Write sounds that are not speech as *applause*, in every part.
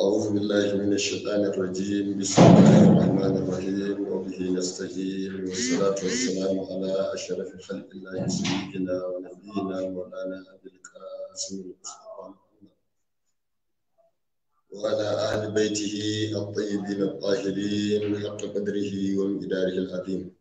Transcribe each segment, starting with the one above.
أعوذ بالله من الشيطان الرجيم بسم الله الرحمن الرحيم وبه نستجيب والصلاة والسلام على أشرف خلق الله سيدنا ونبينا مولانا أبي القاسم وعلى أهل بيته الطيبين الطاهرين حق قدره ومقداره العظيم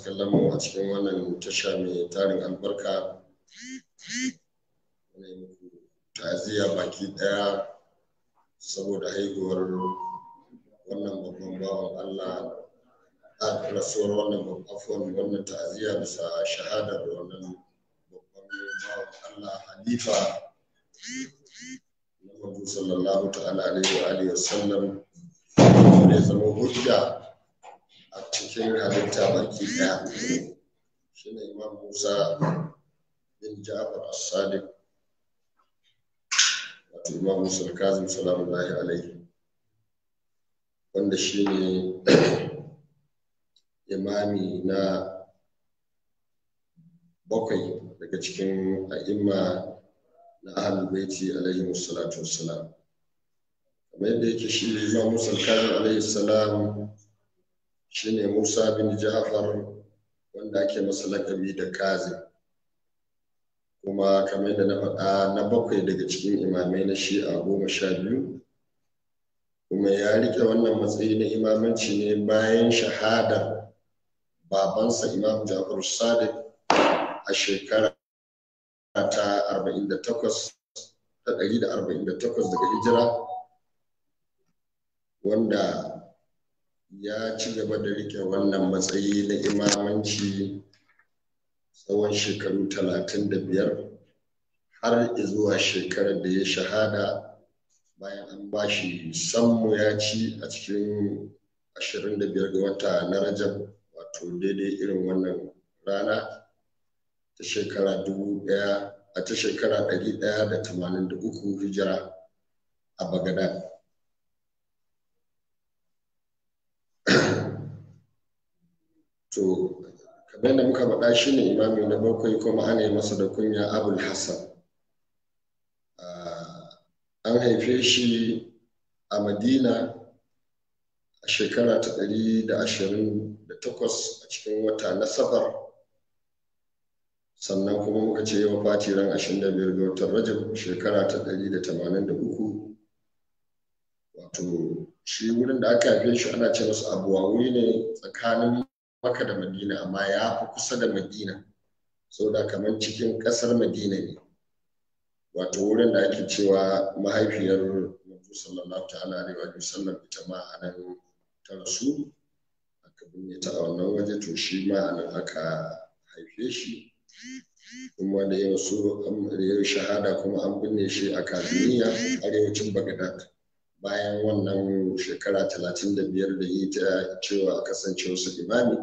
masu kallon a cikin wannan tasha mai tarin albarka ta'aziyya baki daya saboda haihuwar wannan babban bawan Allah a rasuwar wannan babban wannan ta'aziyya bisa shahadar wannan babban bawan Allah halifa na sallallahu ta'ala alaihi wa alihi wasallam ne zama hujja a cikin halitta baki ɗaya shi ne imam musa bin jafar as-sadiq wato imam musa al-kazim salamullahi alaihi wanda shi ne imami na bakwai daga cikin a'imma na ahlul baiti alaihi wassalatu wassalam kamar yadda yake shi imam musa al-kazim alaihi salam shine Musa bin Ja'far wanda ake masa lakabi da Kazim kuma kamar da na faɗa na bakwai daga cikin imamai na shi'a goma sha biyu kuma ya riƙe wannan matsayi na imamanci ne bayan shahada babansa imam Ja'far Sadiq a shekara ta 48 ta 148 daga hijira wanda ya ci gaba da rike wannan matsayi na imamanci tsawon shekaru talatin har zuwa shekarar da ya shahada bayan an ba shi sammu ya ci a cikin 25 ga wata na rajab wato daidai irin wannan rana ta shekara 1000 a ta shekara 183 hijira a bagadad to kamar da muka faɗa shi ne imami na bakwai kuma ana yi masa da kunya abul hassan an haife shi a madina a shekara ta ɗari da ashirin da takwas a cikin wata na safar sannan kuma muka ce yawan fati ran ashirin da biyar da watan rajab shekara ta ɗari da tamanin da uku wato shi wurin da aka haife shi ana ce masa abuwa ne tsakanin maka da madina amma ya fi kusa da madina da kamar cikin kasar madina ne wato wurin da ake cewa mahaifiyar manzo sallallahu ta'ala da wa sallam ita ma a nan ta rasu kabin ne ta wannan waje to shi ma aka haife shi kuma da ya su shahada kuma an binne shi a a arewacin bagdad bayan wannan shekara talatin da biyar yi ta cewa a kasance wasu imami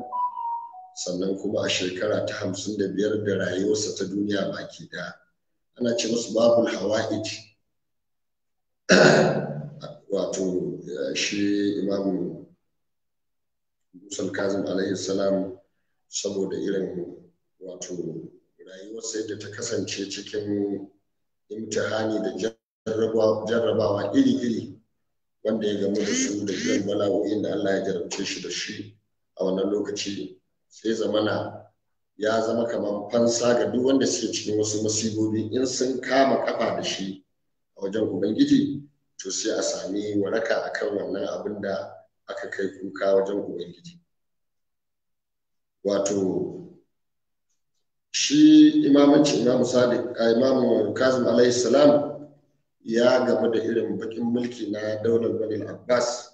sannan kuma a shekara ta hamsin da rayuwarsa ta duniya baki da ana ce musu babu hawa'id *coughs* wato eh, shi imamu musul kazim alaihi salam saboda irin wato rayuwarsa da ta kasance cikin imtihani da jarrabawa iri-iri wanda ya gamu da su da biyan bala'o'in da Allah ya jarabce shi da shi a wannan lokaci sai zamana ya zama kamar fansa ga duk wanda suke cikin wasu masibobi in sun kama kafa da shi a wajen ubangiji to sai a sami waraka a kan wannan abin da aka kai kuka wajen ubangiji wato shi imamanci imamu sadiq imamu kazim alaihi salam ya gaba da irin bakin mulki na daular bani abbas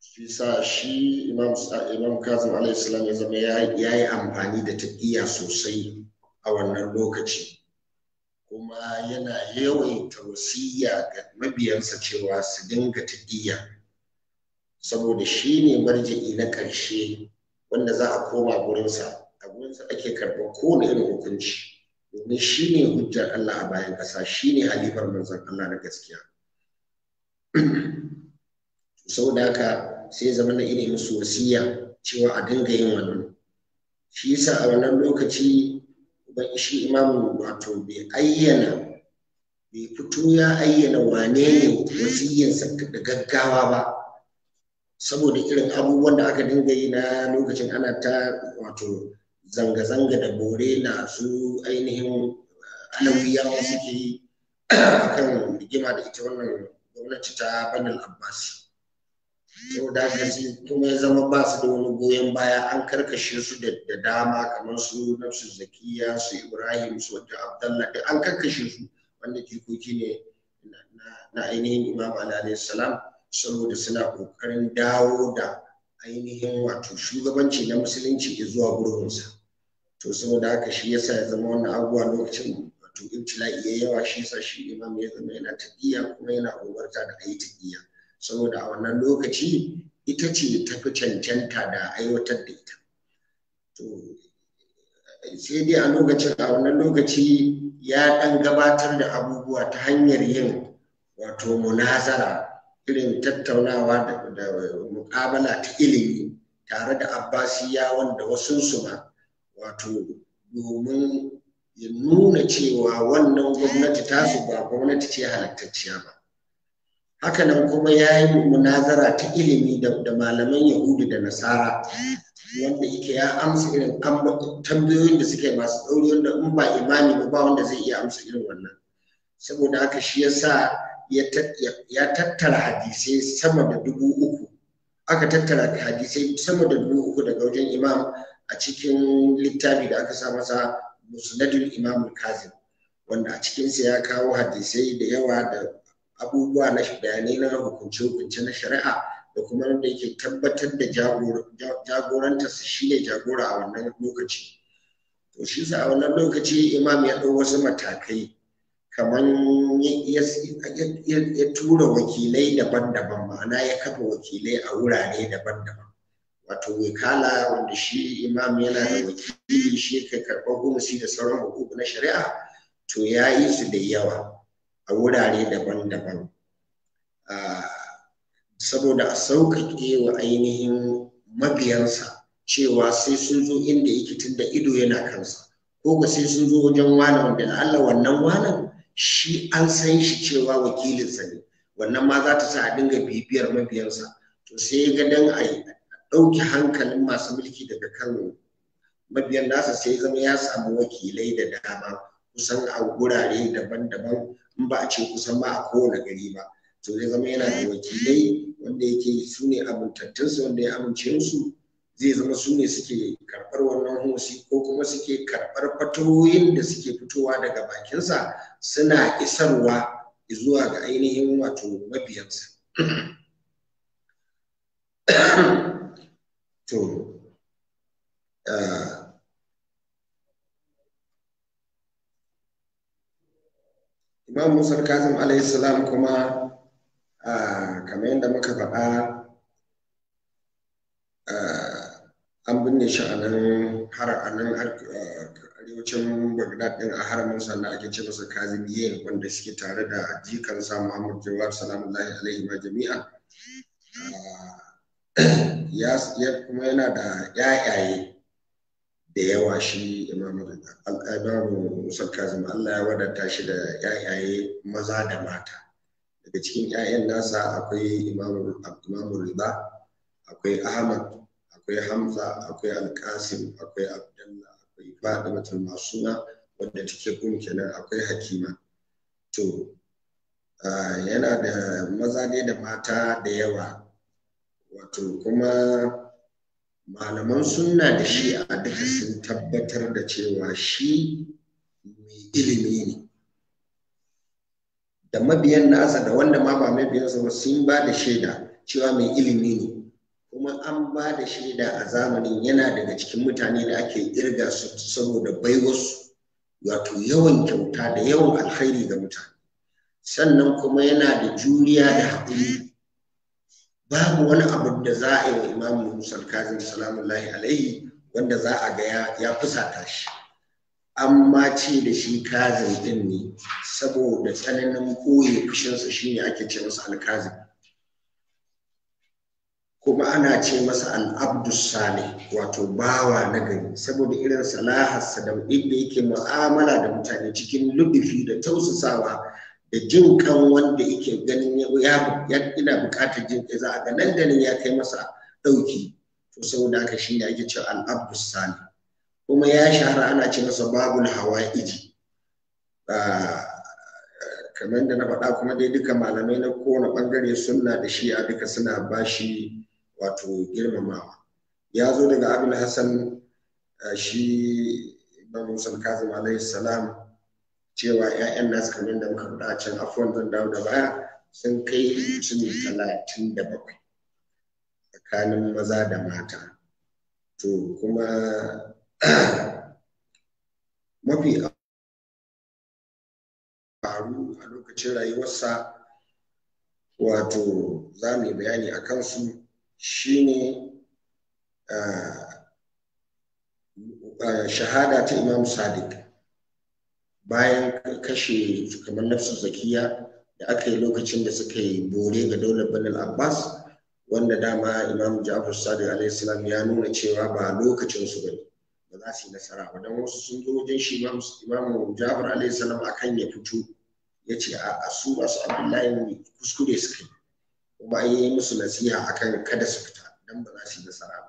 fi sa shi imam imam kazim alayhi salam ya zama ya yi amfani da taqiya sosai a wannan lokaci kuma yana yawan tausiya ga mabiyansa cewa su dinga taqiya saboda shi ne marji'i na ƙarshe wanda za a koma gurinsa a gurinsa ake karɓar kowane irin hukunci domin shi ne hujjar Allah a bayan ƙasa shi ne halifar manzon Allah na gaskiya sau da haka sai zama na ilimin musu cewa a dinga yin wannan shi yasa a wannan lokaci ban shi imamu wato bai ayyana bai fito ya ayyana wane ne wasiyyansa da gaggawa ba saboda irin abubuwan da aka dinga yi na lokacin ana ta wato zanga-zanga da bore na su ainihin uh, alawiyawa suke yi akan rigima da ita wannan gwamnati ta banal abbas yau da haka kuma ya zama ba su da wani goyon baya an karkashe su da dama kamar su nafsu zakiya su ibrahim su wajen abdallah an karkashe su wanda jikoki ne na ainihin imam alayhi salam saboda suna kokarin dawo da ainihin wato shugabanci na musulunci zuwa gurbinsa to saboda haka shi yasa ya zama wannan abubuwa lokacin wato ibtila'i ya yawa shi yasa shi imam ya zama yana taqiya kuma yana umarta da yi taqiya saboda a wannan lokaci ita ce ta fi cancanta da aiwatar da ita to sai dai a lokacin a wannan lokaci ya ɗan gabatar da abubuwa ta hanyar yin wato munazara irin tattaunawa da muƙabala ta ilimi tare da abbasiya wanda wasu su wato domin ya nuna cewa wannan gwamnati ta su ba gwamnati ce halittacciya ba hakanan kuma ya yi munazara ta ilimi da malaman yahudu da nasara wanda yake ya amsa irin tambayoyin da suke masu ɗauri wanda in ba imani ba wanda zai iya amsa irin wannan saboda haka shi ya sa ya tattara hadisai sama da dubu uku aka tattara hadisai sama da dubu uku daga wajen imam a cikin littafi da aka sa masa musnadul imam kazim wanda a cikinsa ya kawo hadisai da yawa da abubuwa na bayanai na hukunci-hukunci na shari'a da kuma wanda yake tabbatar da jagoranta su shi ne jagora a wannan lokaci to shi sa a wannan lokaci imam ya ɗau wasu matakai kamar ya tura wakilai daban-daban ma'ana ya kafa wakilai a wurare daban-daban wato wakala wanda shi imam yana da wakili shi ka karɓar humusi da sauran hukuku na shari'a to ya yi su da yawa a wurare daban-daban saboda a sauƙaƙe wa ainihin mabiyansa cewa sai sun zo inda yake tun da ido yana kansa ko ga sai sun zo wajen wani wanda Allah wannan wanan shi an san shi cewa wakilinsa ne wannan ma za ta sa a dinga bibiyar mabiyansa to sai ga dan a ɗauki hankalin masu mulki daga kan mabiyan nasa sai zama ya samu wakilai da dama kusan a gurare daban-daban in ba a ce kusan ba a kowane gari ba to zai zama yana da wakilai wanda yake su ne wanda ya amince musu zai zama su ne suke karɓar wannan hosi ko kuma suke karɓar fatoyin da suke fitowa daga bakinsa suna isarwa zuwa ga ainihin wato mabiyansa *coughs* to imam musa kazim salam kuma kamar yadda muka faɗa an binne shi a nan har a nan arewacin bagdad din a haramin sannan ake ce masa kazimiyyar wanda suke tare da sa muhammad jawad salamullahi alaihi ma jami'a ah, ya kuma yana da yayaye da yawa shi imamu musa kazim allah ya wadata shi da yayaye maza da mata daga cikin yayan nasa akwai imamu rida akwai ahmad akwai hamza akwai alkasim akwai abdalla akwai masu masuna wadda take kun kenan akwai hakima to yana da maza ne da mata da yawa wato kuma malaman sunna da shi a duka sun tabbatar da cewa shi mai ilimi ne da mabiyan nasa da wanda ma ba mabiyansa ba sun ba da shaida cewa mai ilimi ne kuma an ba da shaida a zamanin yana daga cikin mutane da ake irga su saboda baiwarsu wato yawan kyauta da yawan alkhairi ga mutane sannan kuma yana da juriya da haƙuri babu wani abu da za a yi wa imamu musa "Salamu salamullahi alaihi wanda za a ga ya fusata shi An mace da shi kazin din ne saboda tsananin koye fushinsa ne ake ce masa alkazin kuma ana ce masa abdus salih wato bawa na gari saboda irin salaharsa da inda yake mu'amala da mutane cikin lubifi da tausasawa da jin kan wanda yake ganin ya ina buƙatar jin kai za a ga nan ya kai masa ɗauki to saboda haka shi ne ake cewa abdus salih kuma ya shahara ana ce masa babul hawa'iji ah, kamar da na faɗa kuma dai duka malamai na kowane ɓangare sunna da shi'a duka suna bashi wato girmamawa ya zo daga abin hassan shi imam musul kazim alaihi salam cewa 'ya'yan nasu kamar da muka a can afuwan zan dawo da baya sun kai mutum talatin da bakwai tsakanin maza da mata to kuma *clears throat* mafi faru a lokacin rayuwarsa wato za mu yi bayani a kansu shine shahada ta imam sadiq bayan kashe kamar nafsu zakiya da aka yi lokacin da suka yi bore ga daular banal abbas wanda dama imam ja'far sadiq alaihissalam ya nuna cewa ba lokacin su bane ba za su yi nasara ba don wasu sun zo wajen shi imam ja'far akan ya fito ya ce a su ba su abdullahi kuskure suka yi kuma an yi musu nasiha akan kada su fita don ba za su yi nasara ba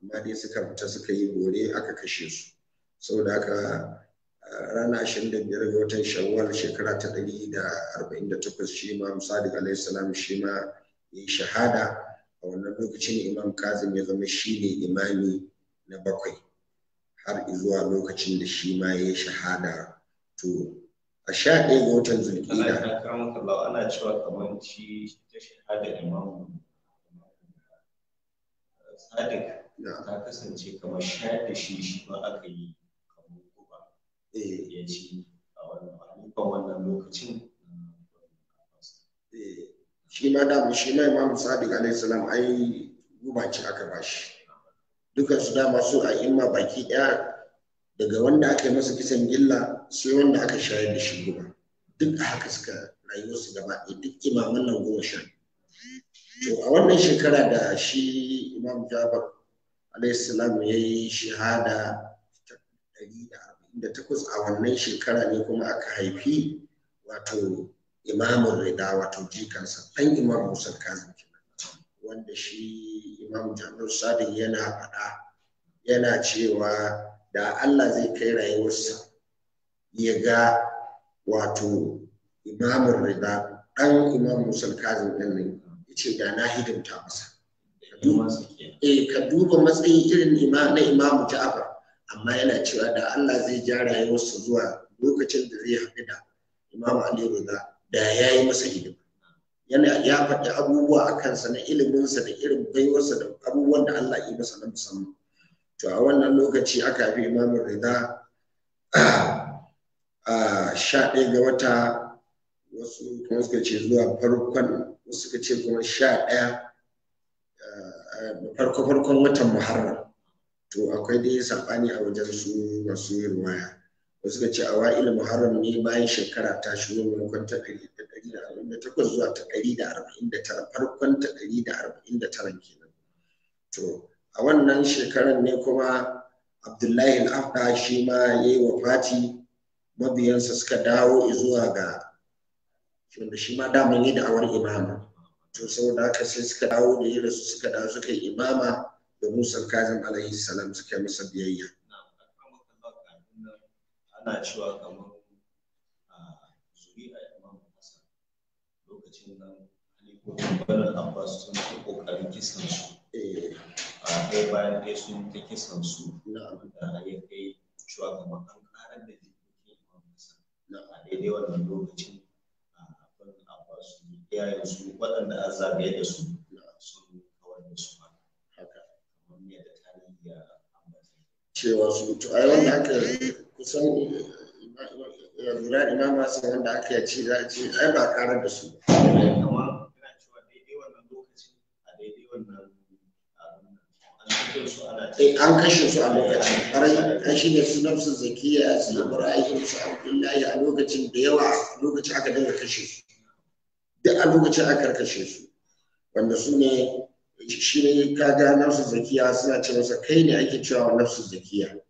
amma dai suka fita suka yi gore aka kashe su saboda haka eh, rana ashirin da biyar ga watan shawwal shekara ta ɗari da arba'in da takwas shi ma sadiq alaihi shi ma ya yi shahada a wannan lokacin imam kazim ya zama shi ne imami na bakwai har zuwa lokacin da shi ma ya yi shahada to a sha ɗaya ga watan zulkida ana kawo kallahu cewa kamar ci ta shahada imam sadiq ta kasance kamar sha da shi shi ba aka yi kamar kuma eh. ya ci a wannan wannan lokacin eh. shi ma da shi ma imam sadiq alaihi salam ai guba ce aka bashi dukan su dama su a imma baki ɗaya daga wanda aka yi masa kisan gilla sai wanda aka shayar da shi guba duk a haka suka rayuwarsu gaba ɗaya duk imaman nan goma sha to a wannan shekara da shi imam jabar alaihissalam ya yi shahada da takwas a wannan shekara ne kuma aka haifi wato imamun rida wato jikansa ɗan imam musa kazim wanda shi imam jabar sadin yana faɗa yana cewa da Allah zai kai rayuwarsa ya ga wato imamun riga ɗan imam musul kazin ya ce da na hidimta masa ka duba eh, matsayin irin na imamu ja'afar amma yana cewa da Allah zai ja rayuwarsa zuwa lokacin da zai haɗu da imam ali rida da ya yi masa hidima yana ya faɗi abubuwa a kansa na iliminsa da irin baiwarsa da abubuwan da Allah ya yi masa na musamman to a wannan lokaci aka fi imamu rida a sha ɗaya ga wata wasu kuma suka ce zuwa farkon wasu suka ce kuma sha ɗaya farko farkon watan muharram to akwai dai saɓani a wajen su masu yin waya wasu suka ce a wa'il muharram ne bayan shekara ta shigo maimakon ta ɗari da ɗari da arba'in da takwas zuwa ta ɗari da arba'in da tara farkon ta ɗari da arba'in da tara kenan to a wannan shekaran ne kuma abdullahi al'afda shi ma ya yi wa fati mabiyansa suka dawo zuwa ga wanda shi ma damar yi da awar imama to saboda haka sai suka dawo da yi su suka dawo suka yi imama da musa kazim alaihi salam suka yi masa biyayya ana cewa kamar ah, zuri'a imam hasan lokacin nan barin abbas sun fi kokarin kisan su eh. a kai bayan dai sun ta kisan su da ya kai shugaban an karar da jikokin imam hassan a daidai wannan lokacin barin abbas sun iyayen su waɗanda an zagaye da su sun kawar da su ba kamar yadda tarihi ya ambata cewa su to ai wanda aka kusan lura eh, imam hassan wanda aka ci za a ce ai ba karar da su ba Ah, an kashe su a lokacin ƙarai an shi da sunan su zakiya su yi ibrahim su abdullahi a lokacin da yawa lokacin aka dinga kashe su duk a lokacin aka kashe su wanda su ne shi ne kaga nafsu zakiya suna ce masa kai ne ake cewa wa nafsu zakiya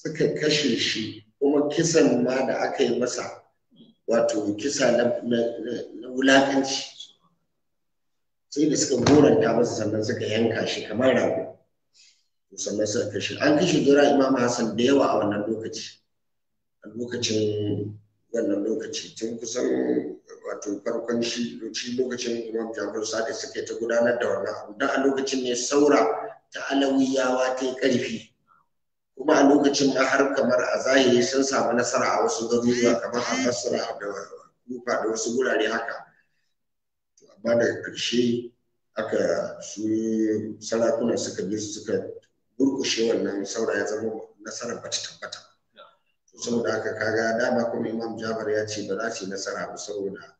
suka kashe shi kuma kisan ma da aka yi masa wato kisa na wulaƙanci sai da suka goranta masa sannan suka yanka shi kamar rago sannan suka kashe an kashe jira imam hassan da yawa a wannan lokaci a lokacin wannan lokaci tun kusan wato farkon shi lokacin imam jafar sadiq suka ta gudanar da wannan abu don a lokacin ne saura ta alawiyawa ta yi ƙarfi kuma a lokacin ma har kamar a zahiri sun samu nasara a wasu garuruwa kamar a basra da da wasu gurare haka amma daga ƙarshe aka su sarakuna suka bi suka burkushe wannan saura ya zama nasara ba ta tabbata saboda haka kaga dama kuma imam jabar ya ce ba za su yi nasara ba saboda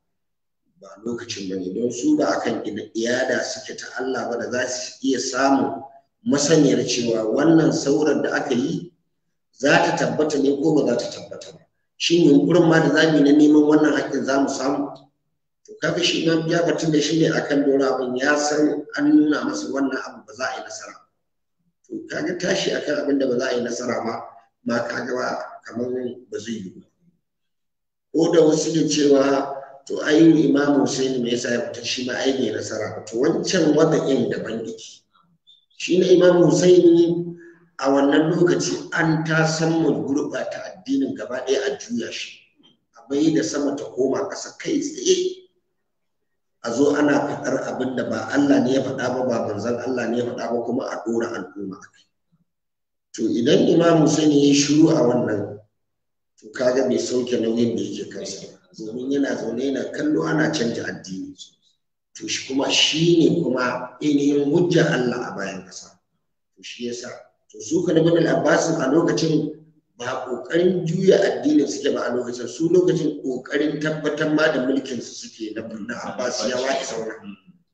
ba lokacin ba ne don su ba akan iyada suke ta Allah ba da za su iya samun masaniyar cewa wannan saurar da aka yi za ta tabbata ne ko ba za ta tabbata ba shi yunkurin ma da zami na neman wannan haƙƙin za mu samu to kaga shi na biya batun da shi ne akan dora abin ya san an nuna masa wannan abu ba za a yi nasara to kaga tashi akan abin da ba za a yi nasara ba ma kaga ba kamar ba zai yi ba ko da wasu ne cewa to imamu imam Hussein me yasa ya fita shi ma ai bai nasara ba to wancan wada'in daban yake shi ne imam husaini a wannan lokaci an ta samun gurɓata addinin gaba ɗaya a juya shi a bai da sama ta koma ƙasa kai tsaye a zo ana faɗar abin da ba Allah ne ya faɗa ba ba manzon Allah ne ya faɗa ba kuma a ɗora al'umma a kai to idan imam musaini ya shiru a wannan to kaga bai sauke nauyin da yake kansa domin yana zaune yana kallo ana canja addini to shi kuma shi ne kuma ainihin hujjar Allah a bayan ƙasa to shi yasa to su ka ibn al-abbas a lokacin ba kokarin juya addinin suke ba a lokacin su lokacin kokarin tabbatar ma da mulkin su suke na na abbas ya waki saura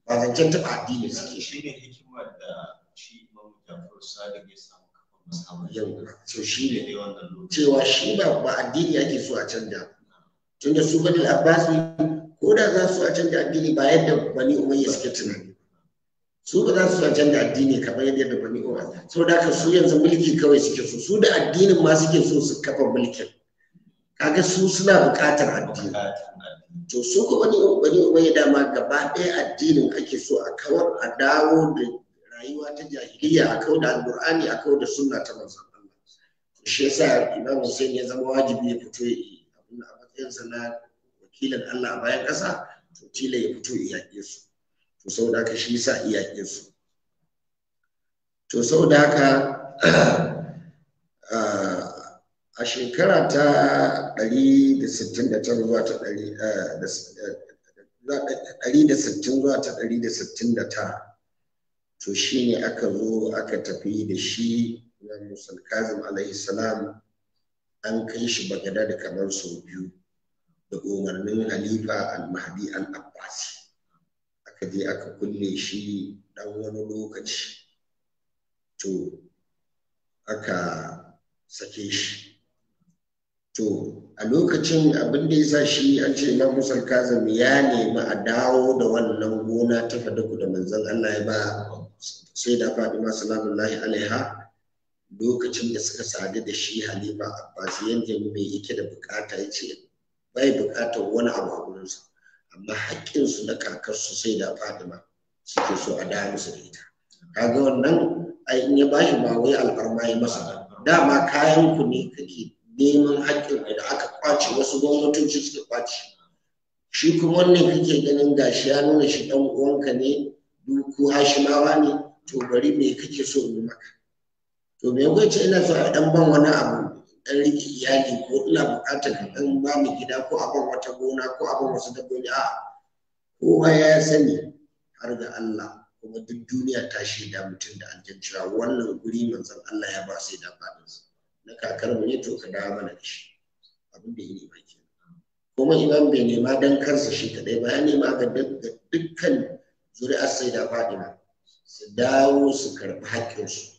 ba zancen taba addinin suke shi ne hikimar da shi da jafar sadiq ya samu kafin yau so shi ne cewa shi ba ba addini yake so a canja tunda su bani abbas ko da za su canja addini ba yadda bani umayya suke tunani su ba za su canja addini kamar yadda da bani umayya saboda haka su yanzu mulki kawai suke so su da addinin ma suke so su kafa mulkin kaga su suna bukatar addini to su ko bani bani umayya dama gaba ɗaya addinin ake so a kawar a dawo da rayuwa ta jahiliya a kawar da alƙur'ani a kawar da sunna ta manzon Allah shi yasa Imam Hussein ya zama wajibi ya fito abin a kilan Allah a bayan ƙasa to kila ya fito ya yaƙe su to saboda haka shi yasa ya su to saboda haka *clears throat* a shekara ta 169 zuwa ta 160 eh, eh, zuwa ta 169 to shi ne aka zo aka tafi da shi na musul kazim alaihi salam an kai shi bagada da kamar sau biyu da umarnin halifa al-mahdi al-abbasi aka je aka kulle shi dan wani lokaci to aka sake shi to a lokacin abin da ya sa shi an ce na musul kazim ya nemi a dawo da wannan gona ta ku da manzon allah ya ba sai da fadima salamullahi alaiha lokacin da suka sadu da shi halifa abbas yanzu mai yake da bukata ya ce bai buƙatar wani abu a gurinsa amma su na kakarsu sai da fatima suke so a da musu da ita kaga wannan ai in ya bashi ba wai alfarma ya masa dama kayan ku ne kake neman haƙƙin da aka kwace wasu gwamnatoci suka kwace shi kuma wannan kake ganin gashi ya nuna shi dan uwanka ne duku hashimawa ne to bari me kake so in maka to me yace ina so a dan ban wani abu ɗan riki iyali ko ina buƙatar ɗan ba mu gida ko a ban wata gona ko a ban wasu dabbobi a kowa ya sani har ga Allah kuma duk duniya ta shaida mutum da aljan cewa wannan guri manzon Allah ya ba sai da faɗin su na kakar mu ne to ka dawo mana da shi abin da yake ba ke kuma imam bai nema dan kansa shi kadai ba ya nema ga dukkan zuri'ar sai da faɗi su dawo su karɓi haƙƙinsu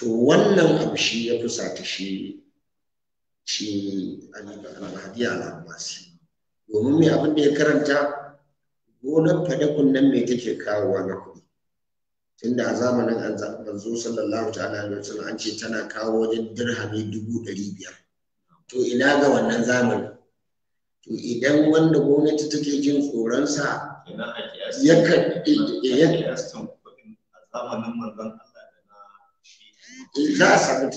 to wannan abu shi ya fusata shi shi al al'abbasi domin mai abin da ya karanta gonar fadakun nan mai take kawowa na kuɗi tunda a zamanin an zo sallallahu ta'ala alaihi wasallam an ce tana kawo wajen dirhami dubu ɗari biyar to ina ga wannan zamani to idan wanda gwamnati take jin tsoronsa yakan a zamanin manzon za a samu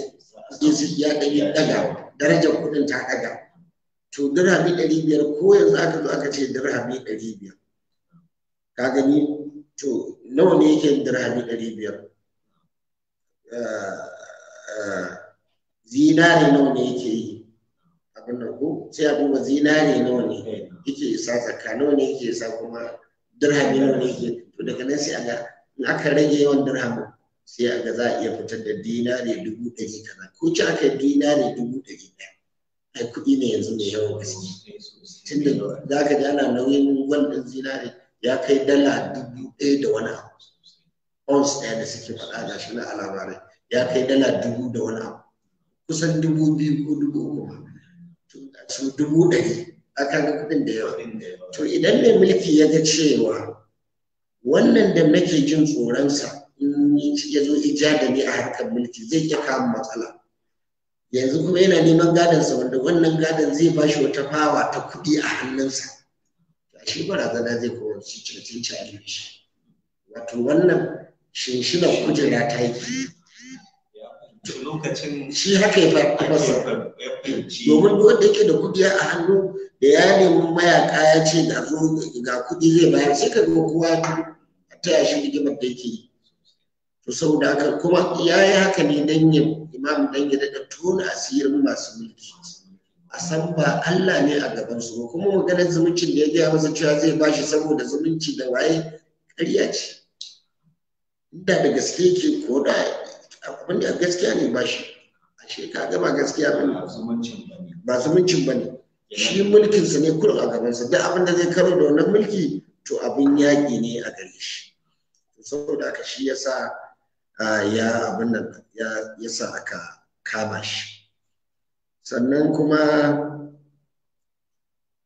jinsi ya ɗari ɗaga darajar kuɗin ta ɗaga to dirhami ɗari biyar ko yanzu aka zo aka ce dirhami ɗari biyar ka gani to nawa ne yake dirhami ɗari biyar eh, eh, zinare nawa ne yake yi abin nan ko sai a duba zinare nawa ne yake isa tsaka nawa ne yake isa kuma dirhami nawa ne yake to daga nan sai a ga in aka rage yawan dirhamin sai a ga za a iya fitar da dinari dubu ɗari kaza ko ci aka dinari dubu ɗari ɗaya ai kuɗi ne yanzu mai yawan gaske tunda za ka ji ana nauyin wannan zinari ya kai dala dubu ɗaya da wani abu ons ɗaya da suke faɗa da shi na labarai ya kai dala dubu da wani abu kusan dubu biyu ko dubu uku ma su dubu ɗari aka ga kuɗin da yawa to idan mai mulki ya ga cewa wannan da nake jin tsoronsa In ya zo ijadami a harkar mulki zai iya kama matsala yanzu kuma yana neman gadonsa wanda wannan gadon zai ba shi wata fawa ta kuɗi a hannunsa shi barazana zai kuma su cancanci a shi wato wannan shinshinan kujera ta yi shi haka ya fasa domin duk wanda yake da kuɗi a hannu da ya nemi mayaka ya ce ga kuɗi zai bayar sai ka ga kowa ta yashi rigimar da yake yi to saboda haka kuma ya yi haka ne dan yin imam dan ya daga tona asirin masu mulki a san ba Allah ne a gaban su ba kuma maganar zumuncin da ya gaya masa cewa zai ba shi saboda zumunci da waye ƙarya ce inda da gaske yake ko da abin da gaskiya ne ba shi. a shekara gaba gaskiya ba ne ba zumuncin ba ne shi mulkinsa ne kurin a su. duk abin da zai karo da wannan mulki to abin yaƙi ne a gare shi saboda haka shi yasa ya abin ya sa aka kama shi sannan kuma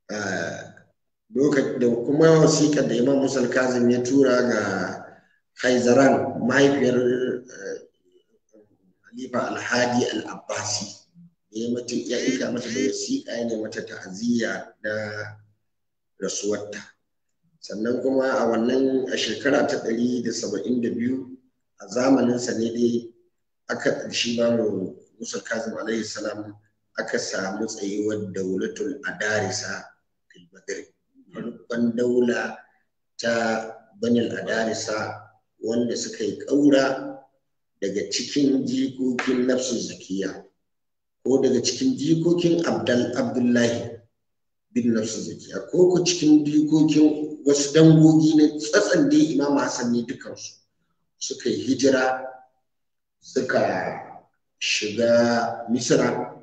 da kuma wasiƙar da imam musul kazim ya tura ga haizaran mahaifiyar eh, halifa alhadi al-abbasi ya ika mata da wasiƙa ne mata ta'aziyya na rasuwarta sannan kuma a wannan a shekara ta ɗari da saba'in da biyu a zamaninsa ne dai aka shi mu musa kazim alaihi salam aka samu tsayuwar daulatul adarisa fil badr farkon daula ta banil adarisa wanda suka yi ƙaura daga cikin jikokin nafsu zakiya ko daga cikin jikokin abdullahi bin nafsu zakiya ko ko cikin jikokin wasu dangogi na tsatsan dai imam hassan ne dukansu suka yi hijira suka shiga misira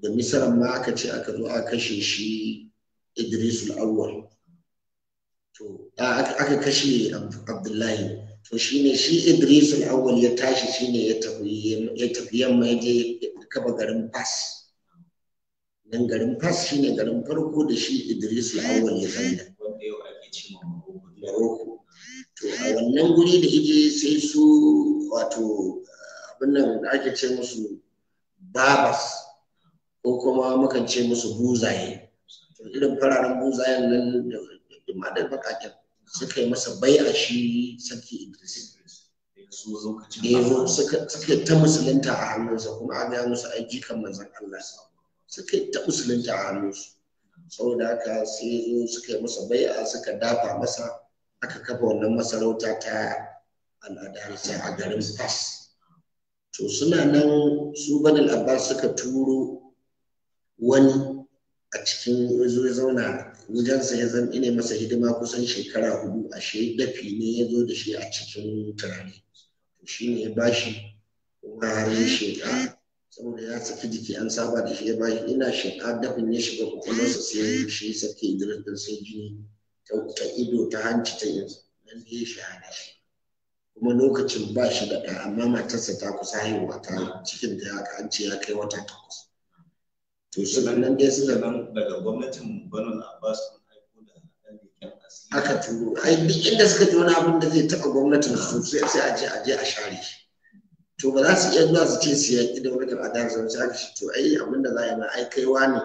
da misira ma aka ce aka zo a kashe shi idrisul awwal to aka kashe abdullahi to shine shi idrisul awwal ya tashi shine ya tafi ya tafi yamma ya je kaba garin fas dan garin fas shine garin farko da shi idrisul awwal ya sanya Maroko to a wannan guri da ije sai su wato abin da ake ce musu babas ko kuma mukan ce musu buzaye to irin fararen buzayen nan da madar bakaken suka yi masa bai'a shi sarki idris suka ta musulunta a hannunsa kuma an gaya musu aiki kan manzan allah suka ta musulunta a hannunsu saboda haka sai zo suka yi masa bai'a suka dafa masa aka kafa wannan masarauta ta sai a garin fas to suna nan su banal abbas suka turo wani a cikin zo ya zauna wajensa ya zama ina masa hidima kusan shekara hudu a shi dafi ne ya zo da shi a cikin turare shi ne ya bashi kuma har ya saboda ya saki jiki an saba da shi ya bashi ina shekara dafin ya shiga kwakwalwarsa sai ya shi sake idris sai jini ta ido ta hanci ta yanzu nan da ya shahada shi kuma lokacin ba shi da ɗaya amma matarsa ta kusa haihuwa ta cikin da ya an ya kai wata takwas to su nan dai da nan daga gwamnatin banon abbas aka turo ai duk inda suka ji wani abin da zai taɓa gwamnatin su sai a je a je a share shi to ba za su iya zuwa su ce su yaƙi da wani a dajin su shi to ai abin da za a yi ma ai kaiwa ne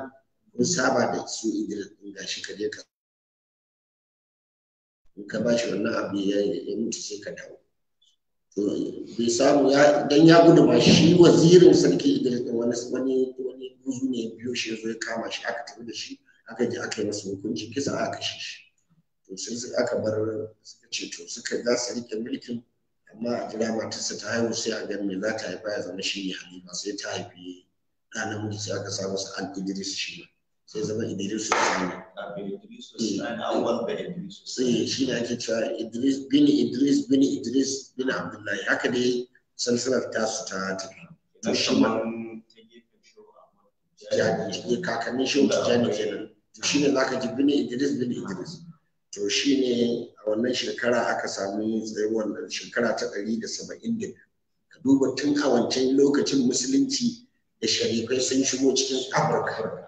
kun saba da su idris ɗin gashi ka je ka in ka ba shi wannan abu ya mutu sai ka dawo bai samu ya dan ya gudu ma shi wazirin sarki Idris da wani wani wani guzu ne biyo shi zo ya kama shi aka tafi da shi aka je aka yi masa hukunci kisa aka kashe shi to sai sai aka bar suka ce to suka za su rike mulkin amma a jira matarsa ta haihu sai a gan me za ta haifa ya zama shi ne halima sai ta haifi ɗan namiji sai aka samu su al-Idris shi ba sai zama Idris Sani. Sai shi ne ake cewa Idris bin Idris bin Idris bin Abdullahi haka dai salsalar tasu ta tafi. To shi ma ya kakannin shi ta jani kenan. To shi ne zaka ji bin Idris bin Idris. To shi ne a wannan shekara aka samu sami wannan shekara ta ɗari da saba'in da ka duba tun a wancan lokacin musulunci da sharifai sun shigo cikin Afirka.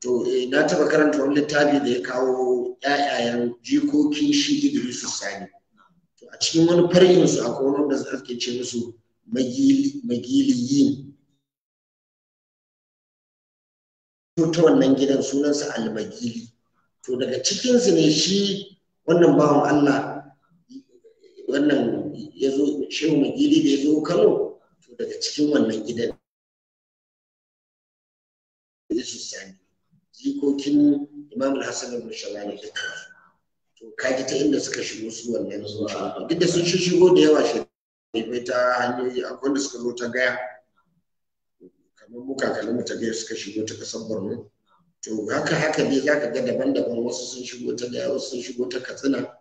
to eh, na taɓa karanta wani littafi da ya kawo ƴaƴayen jikokin shi Idris Sani to a cikin wani farin su akwai wani wanda ake ce musu magili to ta wannan gidan sunansa almagili to daga cikinsu ne shi wannan bawan Allah wannan ya zo shehu magili da ya zo Kano to daga cikin wannan gidan dokokin imam al-hassan ibn shalani da to kaji ta inda suka shigo su wannan zuwa duk da sun shigo da yawa shi ta hanyoyi akwai da suka zo ta gaya kamar muka mu ta gaya suka shigo ta kasar borno to haka haka dai zaka ga daban-daban wasu sun shigo ta gaya wasu sun shigo ta katsina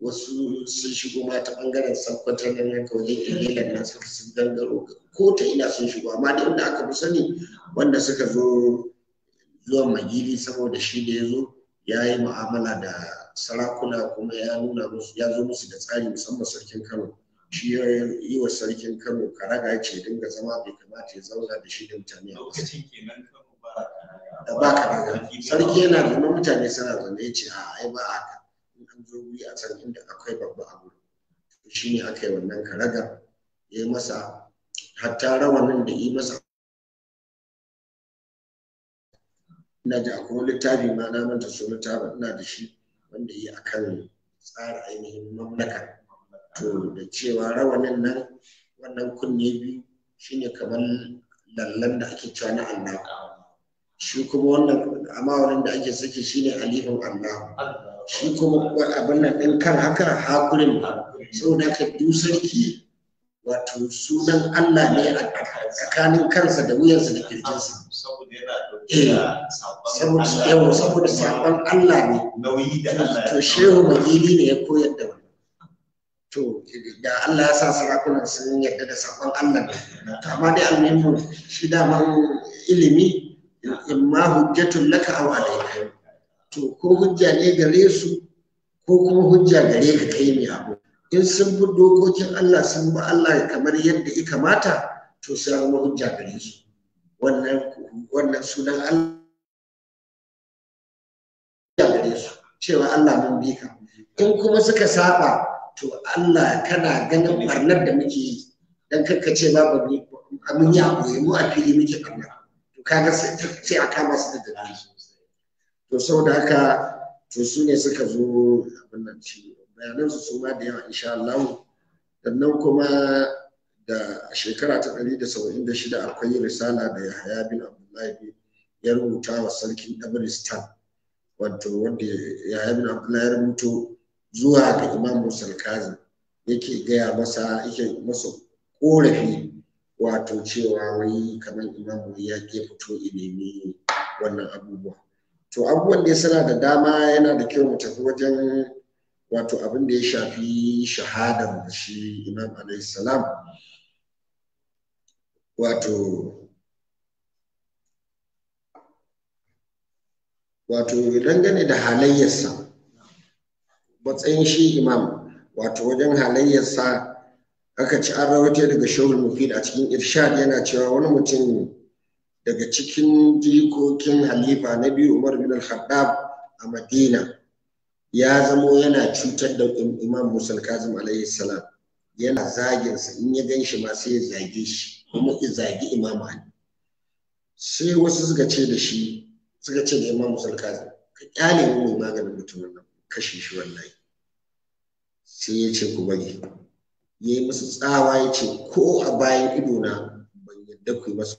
wasu sun shigo ma ta bangaren sakwata nan ya kawai ililan nan suka sun gangaro ko ta ina sun shigo amma da inda aka fi sani wanda suka zo zuwan magidi saboda shi da ya zo ya yi mu'amala da sarakuna kuma ya nuna musu ya zo musu da tsari musamman sarkin kano shi ya yi wa sarkin kano karaga ce dinga zama bai kamata ya zauna da shi da mutane da ba karaga sarki yana zama mutane suna zama ya ce a ai ba haka in an zo wuri a can inda akwai babba abu shi ne aka yi wannan karaga ya yi masa hatta rawanin da yi masa ina ji akwai littafi ma na manta su littafi ina da shi wanda yi akan tsara ainihin mamlaka to da cewa rawanin nan wannan kunne biyu shine kamar lallan da ake cewa na Allah shi kuma wannan amawarin da ake saki shine alihun Allah shi kuma abin nan ɗin kan haka hakurin saboda ka du sarki wato sunan Allah ne a tsakanin kansa da wuyansa da kirjinsa saboda eh, sabon Allah ne to shehu magili ne ya koyar da wani to da Allah ya sa sarakunan sun yadda da sabon Allah to amma dai almuhimmu shi daman ilimi in ma hujjatun laka a alayka to ko hujja ne gare su ko kuma hujja gare ka kai ne abu in sun bi dokokin Allah sun bi Allah kamar yadda ya kamata to sai zama hujja gare su wannan wannan sunan Allah gare su cewa Allah mun bi ka in kuma suka saba to Allah kana ganin barnar da muke yi dan kanka ce ba mun yi abu mu a fili muke barna to kaga sai a kama su da dalili to saboda haka to su ne suka zo abin nan shi bayanan su ma da yawa insha Allah sannan kuma da shekara ta 176 akwai risala da Yahaya bin Abdullahi ya rubuta wa sarkin Dabaristan wato wanda Yahaya bin Abdullahi ya rubuto zuwa ga Imam Musa Kazim yake gaya masa yake masa korafi wato cewa wai kamar Imam ya ke fito ilimi wannan abubuwa to abubuwan da suna da dama yana da kyau mu tafi wajen wato abin da ya shafi shahadar da shi imam alaihi salam wato wato dangane da halayyarsa matsayin shi imam wato wajen halayyarsa aka ci an rawata daga shawar mufid a cikin irshad yana cewa wani mutum daga cikin jikokin halifa na biyu umar bin al-khattab a madina ya zamo yana cutar da imam musul kazim alaihi salam yana zagin sa in ya gan shi ma sai ya zage shi kuma ya zagi imam ali sai wasu suka ce da shi suka ce da imam musul kazim ka kyale mu maganin mutumin nan kashe shi wallahi sai ya ce ku bari ya yi musu tsawa ya ce ko a bayan ido na ban yadda ku yi masa